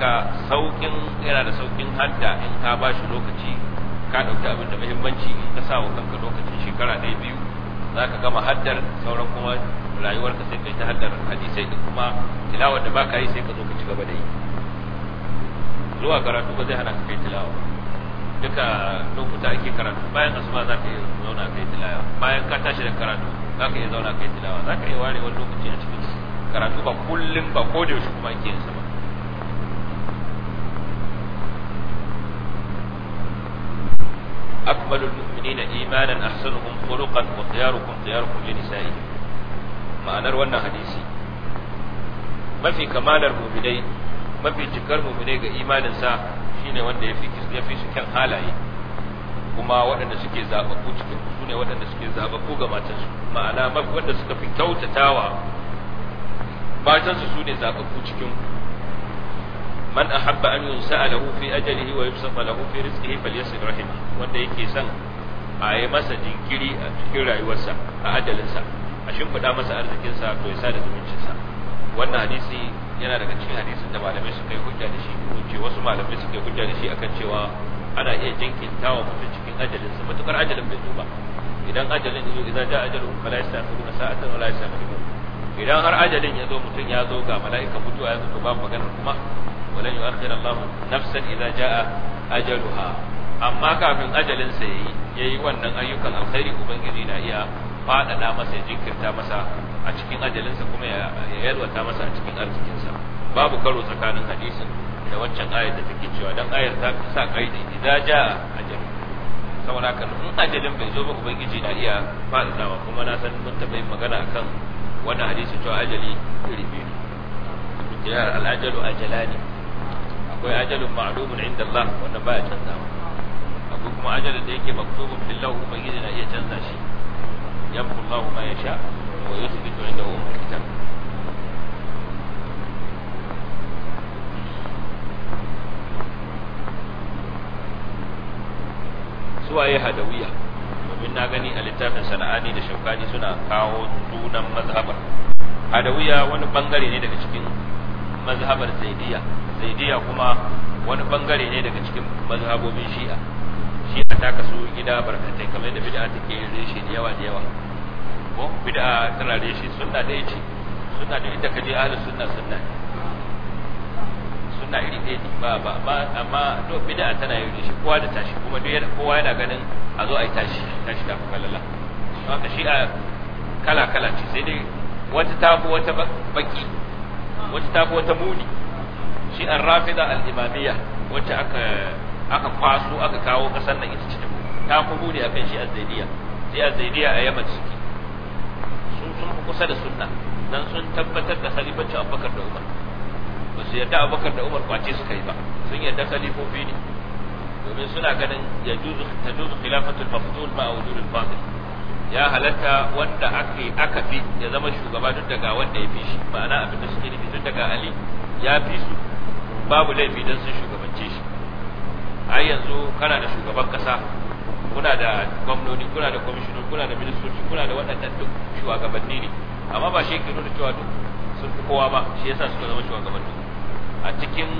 ka sauƙin yana da sauƙin hadda in ka ba shi lokaci ka ɗauki abin da muhimmanci in ka sa wa kanka lokacin shekara ɗaya biyu za ka gama haddar sauran kuma rayuwarka sai kai ta haddar hadisai din kuma tilawar da baka yi sai ka zo ka ci gaba da yi zuwa karatu ba zai hana ka kai tilawa duka lokuta ake karatu bayan asuba za ka iya zauna kai tilawa bayan ka tashi da karatu za ka iya zauna kai tilawa za ka iya ware wani lokaci a cikin karatu ba kullum ba ko da yaushe kuma ake yin sa ba imanan ahsanuhum khuluqan wa خلقا وخياركم li لنسائهم ma'anar wannan hadisi mafi kamalar muminai mafi cikar ne ga imaninsa shine wanda ya fi su kyan halaye kuma waɗanda suke ku cikin su ne waɗanda suke ku ga su, ma'ana wanda suka fi kyautatawa matan su ne ku cikin man ahabba an yunsa lahu fi ajalihi wa yubsafa lahu fi rizqihi falyasir rahimi wanda yake son a yi masa jinkiri a cikin rayuwarsa a ajalinsa a shimfiɗa masa arzikinsa to ya sa da zumuncinsa wannan hadisi yana daga cikin hadisin da malamai suka yi hujja da shi ko ce wasu malamai suka yi hujja da shi akan cewa ana iya jinkinta wa mutum cikin ajalin sa matukar ajalin bai zo ba idan ajalin ya zo idan ja ajalun fala yastakhiruna sa'atan wala yastakhiruna idan har ajalin ya zo mutum ya zo ga mala'ikan mutuwa ya zo ba magana kuma walan yu'akhkhir Allah nafsan idza jaa ajaluha amma kafin ajalin sa yayi yayi wannan ayyukan alkhairi ubangiji na iya faɗaɗa masa jinkirta masa a cikin ajalinsa kuma ya yalwata masa a cikin arzikinsa babu karo tsakanin hadisin da waccan ayar da take cewa dan ayar ta sa kaidi idan ja ajal saboda haka in ajalin bai zo ba ubangiji na iya faɗaɗawa kuma na san mun taɓa yin magana akan wannan hadisi cewa ajali iri biyu ne ya al'ajalu ajalani akwai ajalun ma'lumun inda Allah wanda baya canzawa akwai kuma ajalin da yake maktubun billahu ubangiji na iya canza shi yamhu Allah ma yasha ويثبت عنده أم الكتاب سواء هدوية domin na gani a littafin sana'ani da shaukani suna kawo sunan mazhabar hadawiya wani bangare ne daga cikin mazhabar zaidiya kuma wani bangare ne daga cikin mazhabobin shi'a shi'a ta gida barkatai kamar da bid'a take yin reshe da yawa da yawa ko bid'a tana shi sunna da yace sunna da inda kaje ahli sunna sunna sunna iri ɗaya ne ba ba ba amma to bid'a tana yin shi kowa da tashi kuma duk kowa yana ganin a zo a yi tashi tashi da falala to haka shi a kala kala ce sai dai wata tafi wata baki wata tafi wata muni shi an rafida al-imamiyya wacce aka aka kwaso aka kawo kasar nan ita ce ta kuma muni akan shi az-zaidiyya sai az-zaidiyya a yamma ciki sun fi kusa da sunna dan sun tabbatar da khalifanci Abubakar da Umar ba su yarda Abubakar da Umar kwace suka yi ba sun yarda khalifofi ne domin suna ganin ya juzu ta juzu khilafatul maftul ma wujudul batil ya halatta wanda ake aka fi ya zama shugaba duk daga wanda ya fi shi ma'ana abin da suke nufi duk daga Ali ya fi su babu laifi dan sun shugabance shi ai yanzu kana da shugaban kasa kuna da gwamnoni kuna da kwamishinan kuna da ministoci kuna da waɗannan duk shugabanni ne amma ba shi ke nuna cewa duk sun fi kowa ba shi yasa suka zama shugabanni a cikin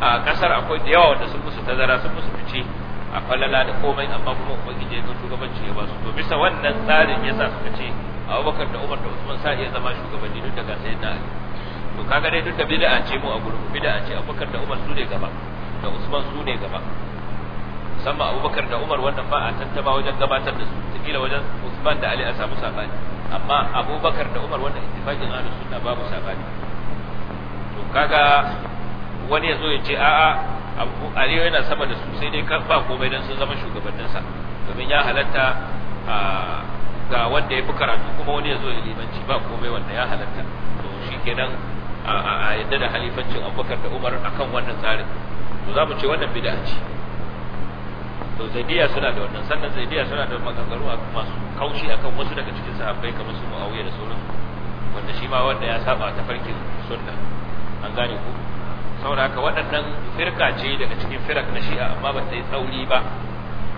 a kasar akwai da yawa wanda sun musu tazara sun musu fice a falala da komai amma kuma ubangiji ya zo shugabanci ya ba su to bisa wannan tsarin yasa suka ce abubakar da umar da usman sa iya zama shugabanni duk daga sai na to kaga dai duk da bid'a ce mu a gurbi bid'a ce abubakar da umar su ne gaba da usman su ne gaba musamman abubakar da umar wannan ba a tantama wajen gabatar da su kila wajen usman da ali a samu sabani amma abubakar da umar wannan ittifaqin ahlus sunna babu sabani to kaga wani ya zo ya ce a'a abu ali yana sama da su sai dai ba komai dan sun zama shugabannin sa domin ya halatta ga wanda ya fi karatu kuma wani ya zo ya limanci ba komai wanda ya halatta to shikenan a yadda da halifancin abubakar da umar akan wannan tsarin to za mu ce wannan bid'a ce to zaidiya suna da wannan sannan zaidiya suna da maganganu a masu kaushi akan wasu daga cikin sahabbai kamar su muawiya da sauran wanda shi ma wanda ya saba ta farkin sunna an gane ku saboda haka waɗannan firka ce daga cikin firak na shi'a amma ba ta yi tsauri ba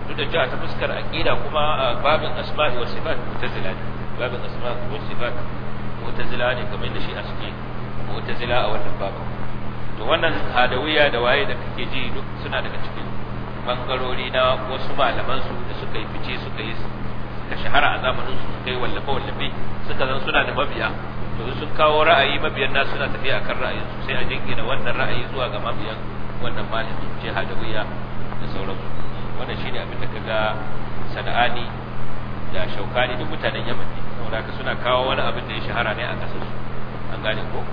duk da cewa ta fuskar aqida kuma babin asma'i wa sifat mu'tazila ne babin asma'i wa sifat mu'tazila ne kamar da shi'a suke mu'tazila a wannan babin to wannan hadawiya da waye da kake ji duk suna daga cikin bangarori na wasu malamansu da suka yi fice suka yi ka shahara a zamanin su suka yi wallafe wallafe suka zan suna da mabiya to sun kawo ra'ayi mabiyan na suna tafiya akan ra'ayin su sai a jingina wannan ra'ayi zuwa ga mabiyan wannan malamin jihadawiyya da sauransu wannan shine abin da kaga sana'ani da shaukani da mutanen yaman ne saboda ka suna kawo wani abin da ya shahara ne a kasar su an gane ko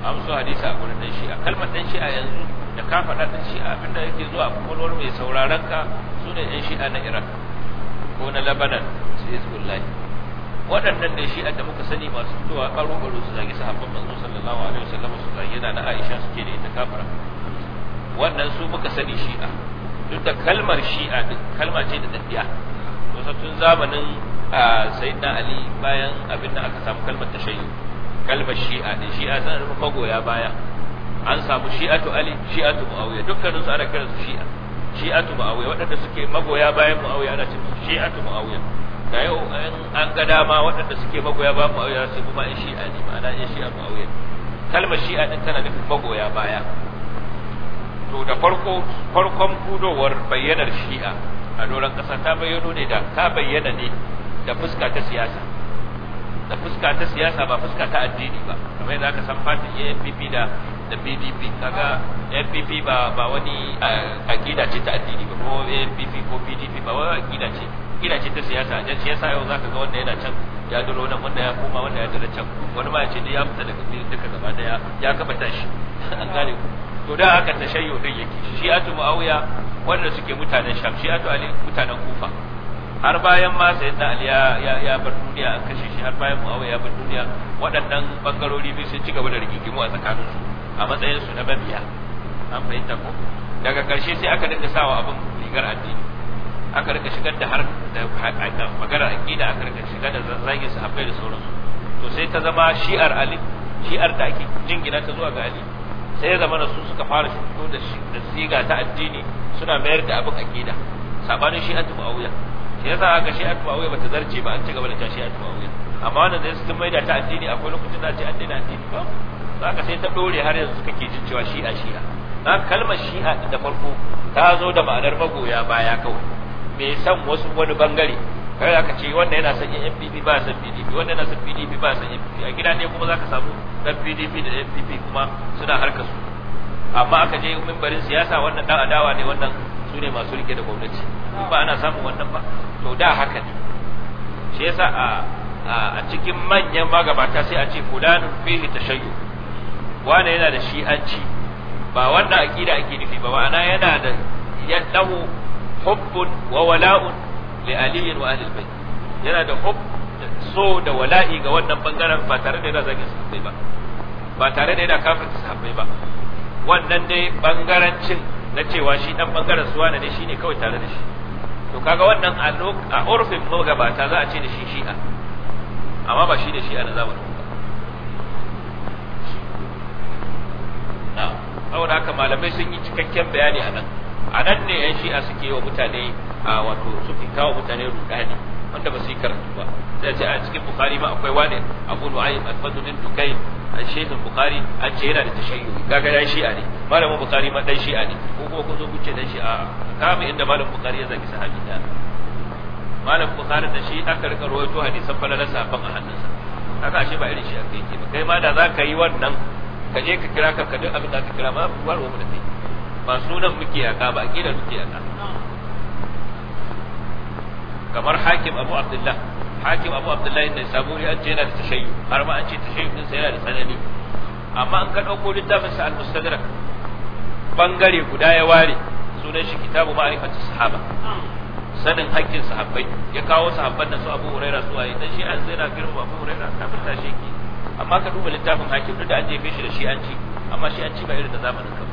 an so hadisi a gurin dan shi'a kalmar dan shi'a yanzu da ka faɗa dan shi'a abinda yake zuwa a kwakwalwar mai sauraron ka su ne yan shi'a na iraq ko na labanan su hezbollah waɗannan da shi'a da muka sani masu fitowa ɓaro-ɓaro su zagi sahabban manzo sallallahu alaihi wasallam su zagi yana na aisha suke da ita kafara wannan su muka sani shi'a duk da kalmar shi'a din kalma ce da daddiya kusa tun zamanin a ah, sayyidina ali bayan abin da aka samu kalmar tashayyu kalmar shi'a din shi'a tana nufin magoya baya an samu shi'atu ali shi'atu muawiya dukkanin su ana kiran su shi'a shi'atu muawiya waɗanda suke magoya bayan muawiya ana cewa shi'atu muawiya da yau an ga dama waɗanda suke magoya bayan muawiya su kuma in shi'a ne ma'ana in shi'a muawiya kalmar shi'a din tana nufin magoya baya to da farko farkon budowar bayyanar shi'a a doron ƙasa ta bayyano ne da ta bayyana ne da fuska ta siyasa da fuska ta siyasa ba fuska ta addini ba kamar yadda aka san fatin AFPP da da PDP kaga AFPP ba ba wani akida ce ta addini ba ko AFPP ko PDP ba wani akida ce akida ce ta siyasa dan siyasa yau zaka ga wanda yana can ya duro nan wanda ya koma wanda ya duro can wani ma ya ce dai ya fita daga duka gaba daya ya kafa tashi an gane ku to da haka tashayyu din yake atu muawiya wanda suke mutanen sham atu ali mutanen kufa har bayan ma da ali ya ya bar duniya an kashe shi har bayan muawiya ya bar duniya waɗannan bangarori bai sun ci gaba da rigigimu a tsakanin su a matsayin su na babiya an fahimta ko daga ƙarshe sai aka dinka sawa abin rigar addini aka rika shigar da har da magana aqida aka rika shigar da zagin sahabbai da sauransu to sai ta zama shi'ar ali shi'ar da ake jingina ta zuwa ga ali sai ya zama na su suka fara fito da siga ta addini suna mayar da abin aqida sabanin shi'ar ta muawiya shi yasa aka shi ba bata zarce ba an ci gaba da ta shi tashi atbawiya amma wannan da sun maida ta addini akwai lokacin da ce addini addini ba ka sai ta dore har yanzu kake jin cewa shi'a shi'a na kalmar shi'a da farko ta zo da ma'anar magoya baya kawai me san wasu wani bangare kai aka ce wannan yana son MPP ba san PDP wannan yana son PDP ba san MPP a gida ne kuma zaka samu dan PDP da MPP kuma suna harkar su amma aka je mimbarin siyasa wannan dan adawa ne wannan ne masu rike da gwamnati ba ana samun wannan ba to da haka ne shi yasa a a cikin manyan magabata sai a ce fulan fihi tashayyu wanda yana da shi'anci ba wanda akida ake nufi ba ma'ana yana da yadahu hubbun wa wala'un li aliyyin wa ahli bayt yana da hubb so da wala'i ga wannan bangaren ba tare da yana zagin sahabbai ba ba tare da yana kafin sahabbai ba wannan dai bangarancin na cewa shi dan bangaren suwana ne shine kawai tare da shi to kaga wannan a urfin magabata za a ce da shi shi'a amma ba shi da shi'a na zamanin ba saboda haka malamai sun yi cikakken bayani a nan a nan ne yan shi'a suke yi wa mutane a wato suke kawo mutane rudani wanda ba su yi karatu ba sai ce a cikin bukari ma akwai wani abu nu'aym al-fadlin dukai a shehin bukari an ce yana da tashayyu kaga dan shi'a ne malamin bukari ma dan shi'a ne kuma ku zo ku ce dan shi a kama inda malam bukhari ya zagi sahabi da malam bukhari da shi aka rika rawaito hadisan falalar sahabban a hannunsa haka ashe ba irin shi aka yi ba kai ma da za ka yi wannan ka je ka kira ka duk abin da aka kira ba ba ruwa da kai ba sunan muke yaka ba akidar muke yaka kamar hakim abu abdullah hakim abu abdullah ne saburi an ce yana da tashayyu har ma an ce tashayyu din sa yana da tsanani amma an ka dauko littafin sa al-mustadrak bangare guda ya ware sunan shi kitabu ma'rifatu sahaba sanin hakkin sahabbai ya kawo sahabban da su Abu Huraira su waye dan shi an zaina na girma Abu Huraira ta fita shi ki amma ka duba littafin hakim duk da an jefe shi da shi an ci amma shi an ci ba irin da zamanin ka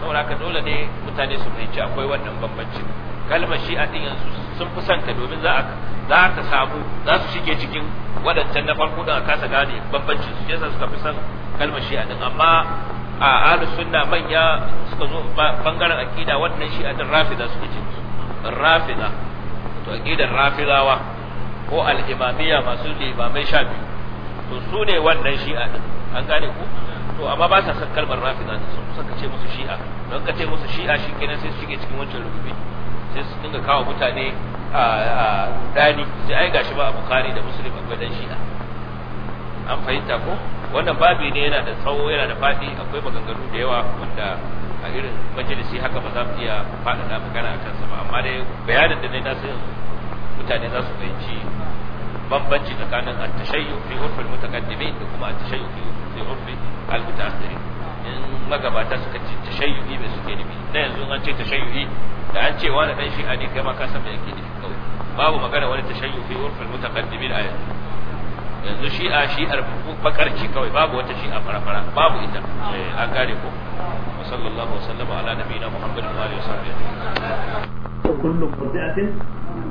saboda haka dole ne mutane su fahimci akwai wannan bambanci kalmar shi a din yanzu sun fi son ka domin za a za ka samu za su shige cikin waɗancan na farko da a kasa gane bambancin su yasa suka fi son kalmar shi a din amma a ahlus sunna manya suka zo bangaren akida wannan shi din rafida suka ce rafida to akidar rafidawa ko al-imamiyya masu limamai sha biyu to su ne wannan shi'a din an gane ku to amma ba sa san kalmar rafida sun suka ce musu shi'a don ka ce musu shi'a shi kenan sai su shige cikin wancan rububi sai su dinga kawo mutane a dani sai ai gashi ba a bukari da muslim akwai dan shi'a an fahimta ko wannan babi ne yana da tsawo yana da faɗi akwai maganganu da yawa wanda a irin majalisi haka ba za mu iya faɗaɗa magana a kansa ba amma dai bayanin da ne na sun mutane za su fahimci bambanci tsakanin a tashayyu fi urfin mutakaddimi da kuma a tashayyu fi urfin al-mutaakhirin in magabata suka ce tashayyu'i bai suke nufi na yanzu an ce tashayyu'i da an ce wani dan shi'a ne kai ma ka san me yake nufi kawai babu magana wani tashayyu fi urfin mutakaddimi a yanzu yanzu shi'a shi'ar bakar ce kawai babu wata shi'a fara-fara babu ita eh, a gane ko sallallahu wasallama ala na muhammadin wa alihi wasallam kullum